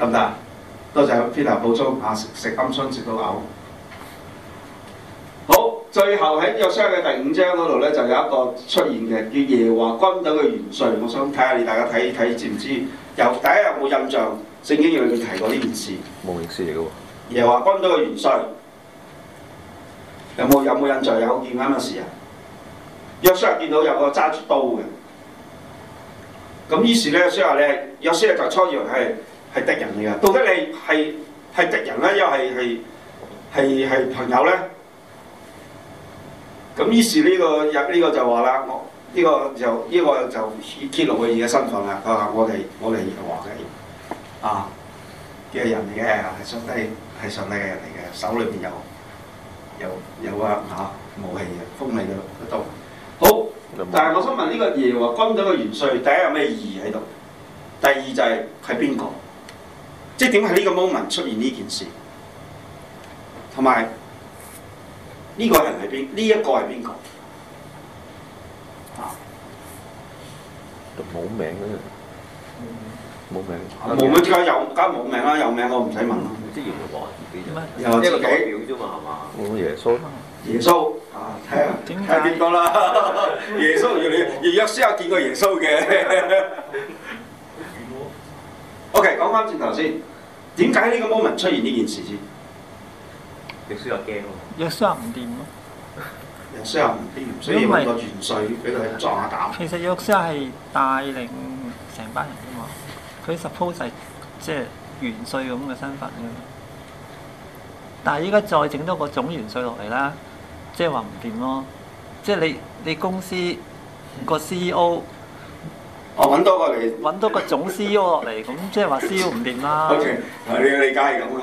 得唔得？多謝 Peter 補充。啊，食食鵪鶉食到嘔。好，最後喺約書亞嘅第五章嗰度呢，就有一個出現嘅叫耶和華軍隊嘅元帥。我想睇下你大家睇睇知唔知？由大家有第一有冇印象？聖經裏面提過呢件事？無名氏嚟嘅喎。耶和華軍隊嘅元帥有冇有冇印象？有件啱嘅事啊！約書亞見到有個揸住刀嘅。咁於是咧，書亞你係約書亞就初以為係。係敵人嚟噶，到底你係係敵人咧，又係係係係朋友咧？咁於是呢、呢個入呢、呢個就話啦，我呢、呢個就呢、呢個就揭露佢而嘅身份啦。啊，我哋我哋耶和華嘅啊，佢係人嚟嘅，係上帝係上帝嘅人嚟嘅，手裏邊有有有啊嚇武器嘅，鋒利嘅喺度。好，嗯、但係我想問呢個耶和華軍隊嘅元帥，第一有咩意義喺度？第二就係佢邊個？即係點解喺呢個 moment 出現呢件事，同埋呢個人係邊？呢一個係邊個？啊，都冇名嘅，冇名。冇乜家有，梗冇名啦，有名我唔使問。啲人話：咩？一個鬼表啫嘛，係嘛？冇。耶穌。耶穌。係啊。係邊個啦？耶穌要你，約書亞見過耶穌嘅。OK，講翻轉頭先，點解呢個 moment 出現呢件事先？約書亞驚喎，約書亞唔掂咯，約書亞唔掂，所以揾個元帥俾佢壯下膽。其實約書亞係帶領成班人嘅嘛，佢 suppose 係即係元帥咁嘅身份嘅。但係依家再整多個總元帥落嚟啦，即係話唔掂咯，即係你你公司個 CEO。我揾多個嚟，揾多個總 CEO 落嚟，咁即係話 CEO 唔掂啦。OK，你嘅理解係咁嘅，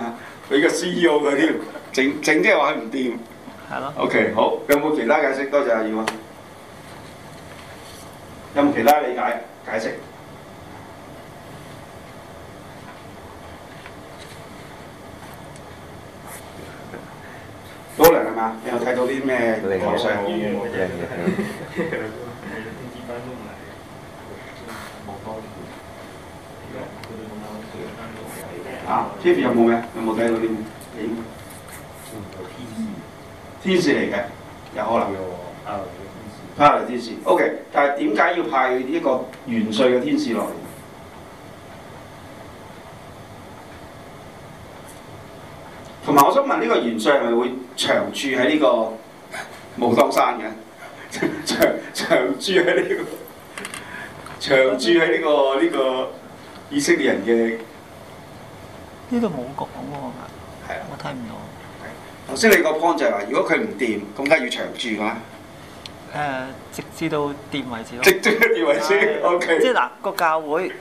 佢個 CEO 佢添，整整即係話佢唔掂。係咯。 OK，好，有冇其他解釋？多謝阿啊。有冇其他理解解釋？ 多嚟啦嘛，你有睇到啲咩台相？ 呢邊有冇咩？有冇睇到啲咩？天使嚟嘅，有可能嘅喎。啊，天 使樂，啊，天使。O K，但係點解要派一個元帥嘅天使落嚟？同埋我想問，呢個元帥係咪會長駐喺呢個武當山嘅？ 長駐、呢個、長駐喺呢、呢個長駐喺呢個呢個以色列人嘅？呢度冇講喎，係啊，我睇唔到。頭先你個 point 就係、是、話，如果佢唔掂，咁梗係要長住嘛？誒、呃，直至到掂為止咯。直至到掂為止，O Okay . K。即係嗱，個教會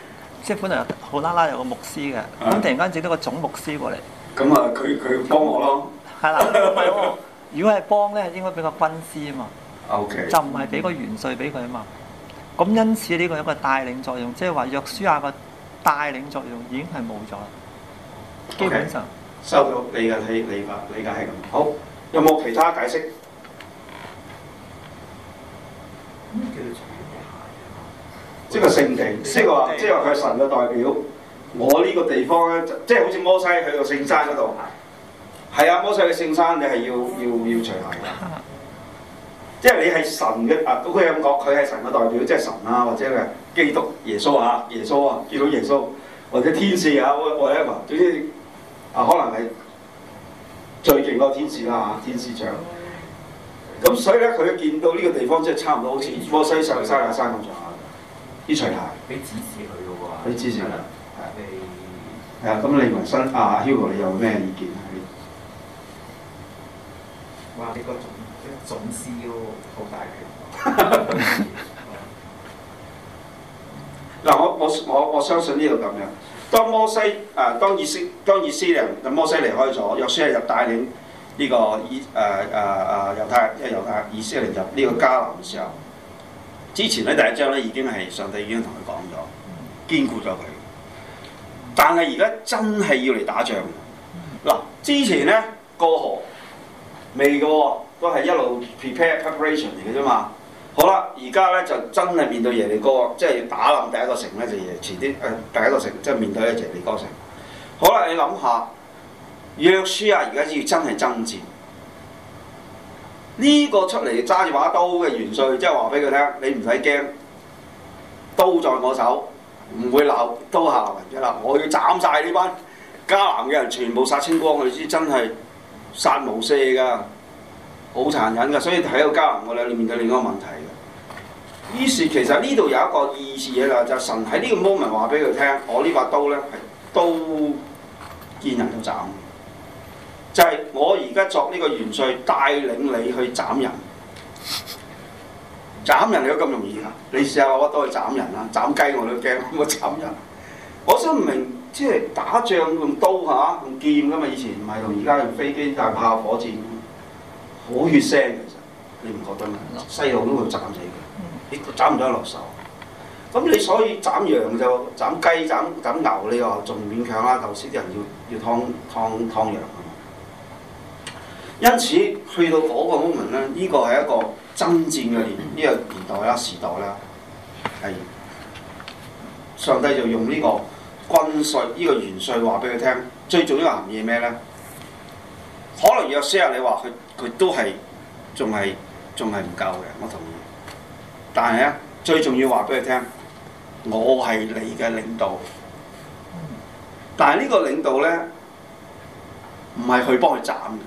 即係本來好啦啦有個牧師嘅，咁、啊、突然間整到個總牧師過嚟，咁啊，佢、啊、佢幫我咯。係啦，唔係喎。如果係幫咧，係應該俾個軍師啊嘛。O K。就唔係俾個元帥俾佢啊嘛。咁因此呢個有個帶領作用，即係話約書亞個帶領作用，就是、領作用已經係冇咗。O K，、啊、收到你嘅睇理解理解係咁。好，有冇其他解釋？即係聖地，即係話，即係話佢係神嘅代表。我呢個地方咧，即係好似摩西去到聖山嗰度，係啊，摩西去聖山，你係要要要除鞋㗎。即、這、係、個、你係神嘅啊？佢咁講，佢係神嘅代表，即係神啊，或者係基督耶穌啊，耶穌啊，見到耶穌或者天使啊，我我咧話總之。啊，可能係最勁個天使啦，天使長。咁所以咧，佢見到呢個地方，即係差唔多好似摩西上山，西雅山咁上下。呢隨行俾指示佢嘅喎。俾指示。係啊，咁你雲生啊，Hugo，你有咩意見啊？哇！你個總總司好大權。嗱、 啊，我我我我相信呢度咁樣。當摩西啊，當以色列、當以色列人，咁摩西離開咗，約書亞就帶領呢、這個伊誒誒誒猶太，即係猶太以色列人入呢個迦南嘅時候，之前咧第一章咧已經係上帝已經同佢講咗，堅固咗佢。但係而家真係要嚟打仗。嗱，之前咧過河未嘅喎，都係一路 prepare preparation 嚟嘅啫嘛。好啦，而家咧就真係面對耶利哥，即係打冧第一個城咧就遲啲誒，第一個城即係面對耶利哥城。好啦，你諗下，約書亞而家要真係爭戰，呢、這個出嚟揸住把刀嘅元帥，即係話畀佢聽，你唔使驚，刀在我手，唔會留刀下人血啦，我要斬晒呢班迦南嘅人，全部殺清光佢先，真係殺無赦㗎。好殘忍噶，所以睇到交談我哋面對另一個問題嘅。於是其實呢度有一個意思嘢啦，就是、神喺呢個 moment 話俾佢聽：我呢把刀咧係刀見人就斬。就係、是、我而家作呢個元帥，帶領你去斬人。斬人你都咁容易啊？你試下我揾刀去斬人啊！斬雞我都驚，我斬人。我想唔明，即係打仗用刀嚇，用劍噶嘛？以前唔係同而家用飛機、大炮、火箭。好血腥，其實你唔覺得咩？細路都會斬死佢，你斬唔斬得落手？咁你所以斬羊就斬雞斬斬牛，你話仲勉強啦。頭先啲人要要劏劏羊。因此去到嗰個 moment 呢，呢、這個係一個爭戰嘅年，呢、這個年代啦、時代啦，係上帝就用呢個軍帥呢、這個元帥話俾佢聽，最重要係乜嘢咩呢？可能有些你話佢。佢都係仲係仲係唔夠嘅，我同意，但係咧，最重要話俾佢聽，我係你嘅領導。但係呢個領導咧，唔係佢幫佢斬嘅，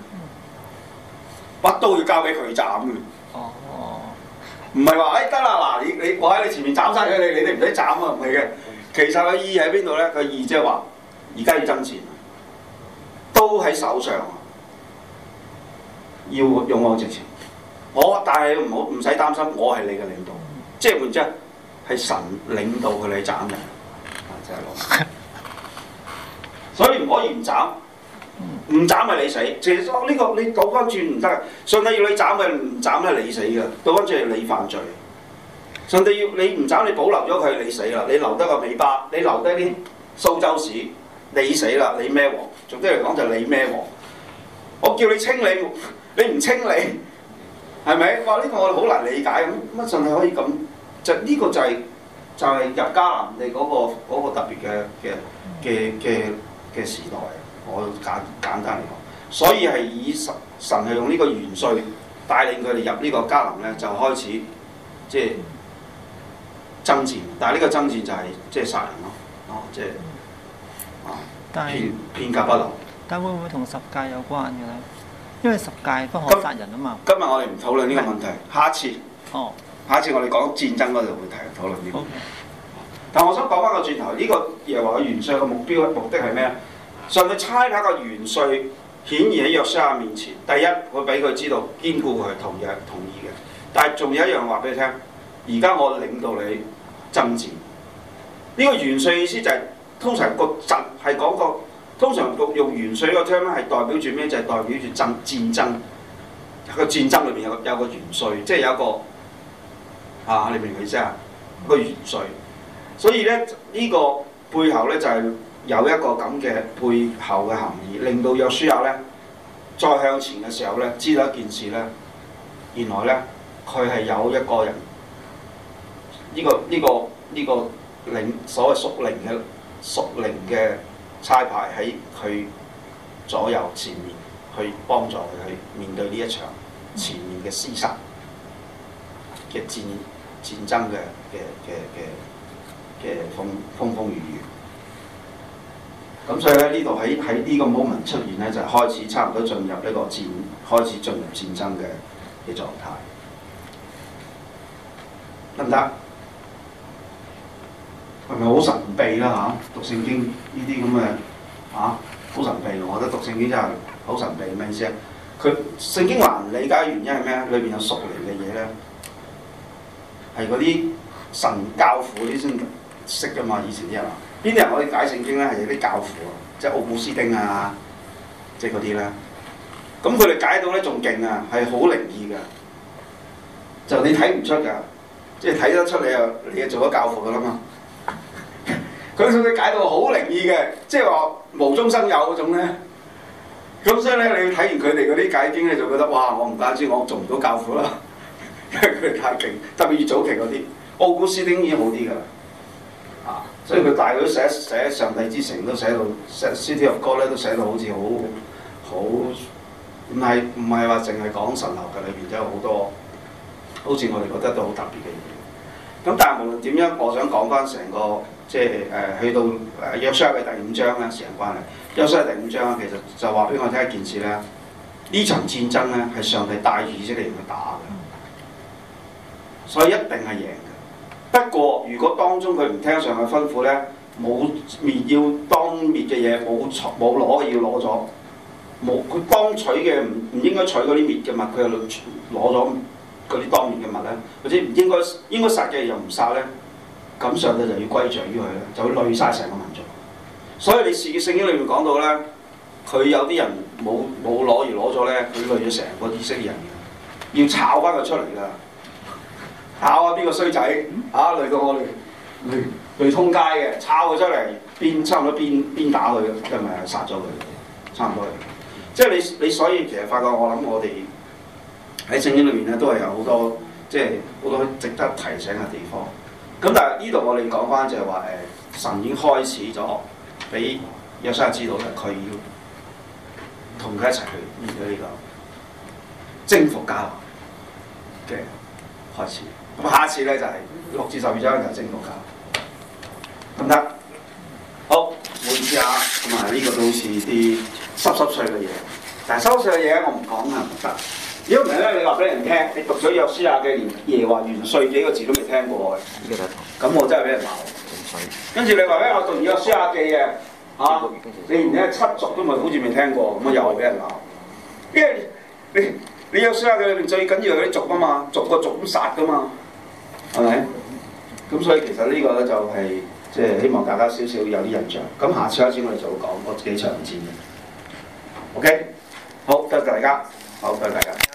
把刀要交俾佢斬嘅。哦。唔係話誒得啦嗱，你你我喺你前面斬晒佢，你你哋唔使斬啊，唔係嘅。其實個意喺邊度咧？個意即係話，而家要爭戰，都喺手上。要勇往直前，我但係唔好唔使擔心，我係你嘅領導，即係換之係神領導佢你斬嘅，所以唔可以唔斬，唔斬咪你死。其實呢個你倒翻轉唔得嘅，上帝要你斬咪唔斬，咪你死嘅，倒翻轉係你犯罪。上帝要你唔斬，你保留咗佢你死啦，你留低個尾巴，你留低啲蘇州屎你死啦，你孭王？總之嚟講就你孭王，我叫你清理。你唔清理，係咪？我呢、這個我好難理解，咁乜盡係可以咁？就呢、這個就係、是、就係、是、入迦南地嗰、那個那個特別嘅嘅嘅嘅嘅時代，我簡簡單嚟講，所以係以神神係用呢個元帥帶領佢哋入呢個迦南咧，嗯、就開始即係爭戰。但係呢個爭戰就係、是、即係殺人咯，哦，即係啊、嗯，但係片片甲不留。但會唔會同十戒有關㗎咧？因為十戒不可殺人啊嘛，今日我哋唔討論呢個問題，是下一次，哦、下一次我哋講戰爭嗰時會提討論呢個。哦、但我想講翻個轉頭，呢、這個又話個元帥個目標目的係咩？想去、嗯、猜下個元帥顯現喺約書亞面前，第一會俾佢知道堅固佢係同意同意嘅。但係仲有一樣話俾你聽，而家我領導你爭戰，呢、這個元帥意思就係、是、通常個陣係講個。通常用元帥個 term 咧，係代表住咩？就係、是、代表住爭戰爭。個戰爭裏邊有有個元帥，即係有一個啊，你明唔明意思啊？個元帥，所以咧呢、這個背後咧就係、是、有一個咁嘅背後嘅含義，令到有輸友咧再向前嘅時候咧，知道一件事咧，原來咧佢係有一個人呢、這個呢、這個呢、這個領所謂屬靈嘅屬靈嘅。差派喺佢左右前面，去幫助佢去面對呢一場前面嘅廝殺嘅戰戰爭嘅嘅嘅嘅嘅風風風雨雨。咁所以咧呢度喺喺呢個 moment 出現咧就開始差唔多進入呢個戰開始進入戰爭嘅嘅狀態，得唔得？係咪好神秘啦？嚇，讀聖經呢啲咁嘅嚇，好神秘咯！我覺得讀聖經真係好神秘，咩意思啊？佢聖經難理解嘅原因係咩？裏邊有屬靈嘅嘢咧，係嗰啲神教父先識噶嘛？以前啲人，邊啲人可以解聖經咧？係有啲教父啊，即係奧古斯丁啊，即係嗰啲啦。咁佢哋解到咧仲勁啊，係好靈異㗎，就你睇唔出㗎，即係睇得出你又你係做咗教父㗎啦嘛。佢佢解到好靈異嘅，即係話無中生有嗰種咧。咁所以咧，你睇完佢哋嗰啲解經咧，就覺得哇！我唔單止我做唔到教父啦，因為佢太勁。特別越早期嗰啲，奧古斯丁已經好啲噶啦。啊，所以佢大到寫寫，上帝之城都寫到 City of God 咧，都寫到好似好好，唔係唔係話淨係講神學嘅，裏邊都有好多好似我哋覺得都好特別嘅嘢。咁但係無論點樣，我想講翻成個即係誒、呃、去到約書亞嘅第五章啦，時間關係。約書亞第五章其實就話俾我聽一件事咧，呢場戰爭呢，係上帝帶住意識嚟去打嘅，所以一定係贏嘅。不過如果當中佢唔聽上帝吩咐呢，冇滅要當滅嘅嘢，冇冇攞嘅要攞咗，冇佢當取嘅唔唔應該取嗰啲滅嘅嘛。佢又攞咗。嗰啲當面嘅物咧，或者唔應該應該殺嘅人又唔殺咧，咁上去就要歸罪於佢咧，就會累晒成個民族。所以你聖經裏面講到咧，佢有啲人冇冇攞而攞咗咧，佢累咗成個以色列人要炒翻佢出嚟㗎，打下邊個衰仔嚇累到我哋，累累，累通街嘅，抄佢出嚟，邊差唔多邊邊打佢㗎，因為係殺咗佢，差唔多。即係你你所以其實發覺我諗我哋。喺聖經裏面咧，都係有好多即係好多值得提醒嘅地方。咁但係呢度我哋講返就係話誒，神已經開始咗俾約書亞知道咧，佢要同佢一齊去去呢個征服迦南嘅開始。咁下一次咧就係六至十二章就征服迦南，得唔得？好，唔好意思啊。咁啊，呢個都好似啲濕濕碎嘅嘢，但係濕濕碎嘅嘢我唔講係唔得。如果唔係咧，你話俾人聽，你讀咗約書亞記連耶和華元帥幾個字都未聽過嘅。咁我真係俾人鬧。跟住你話咧，我讀約書亞記嘅，嚇、啊，你連咧七族都咪好似未聽過，咁我又係俾人鬧。因為你你約書亞記裏面最緊要係啲族啊嘛，逐個逐咁殺噶嘛，係咪？咁所以其實呢個咧就係即係希望大家少少有啲印象。咁下次開始我哋就會講嗰幾場戰。OK，好，多謝，謝大家，好，多謝，謝大家。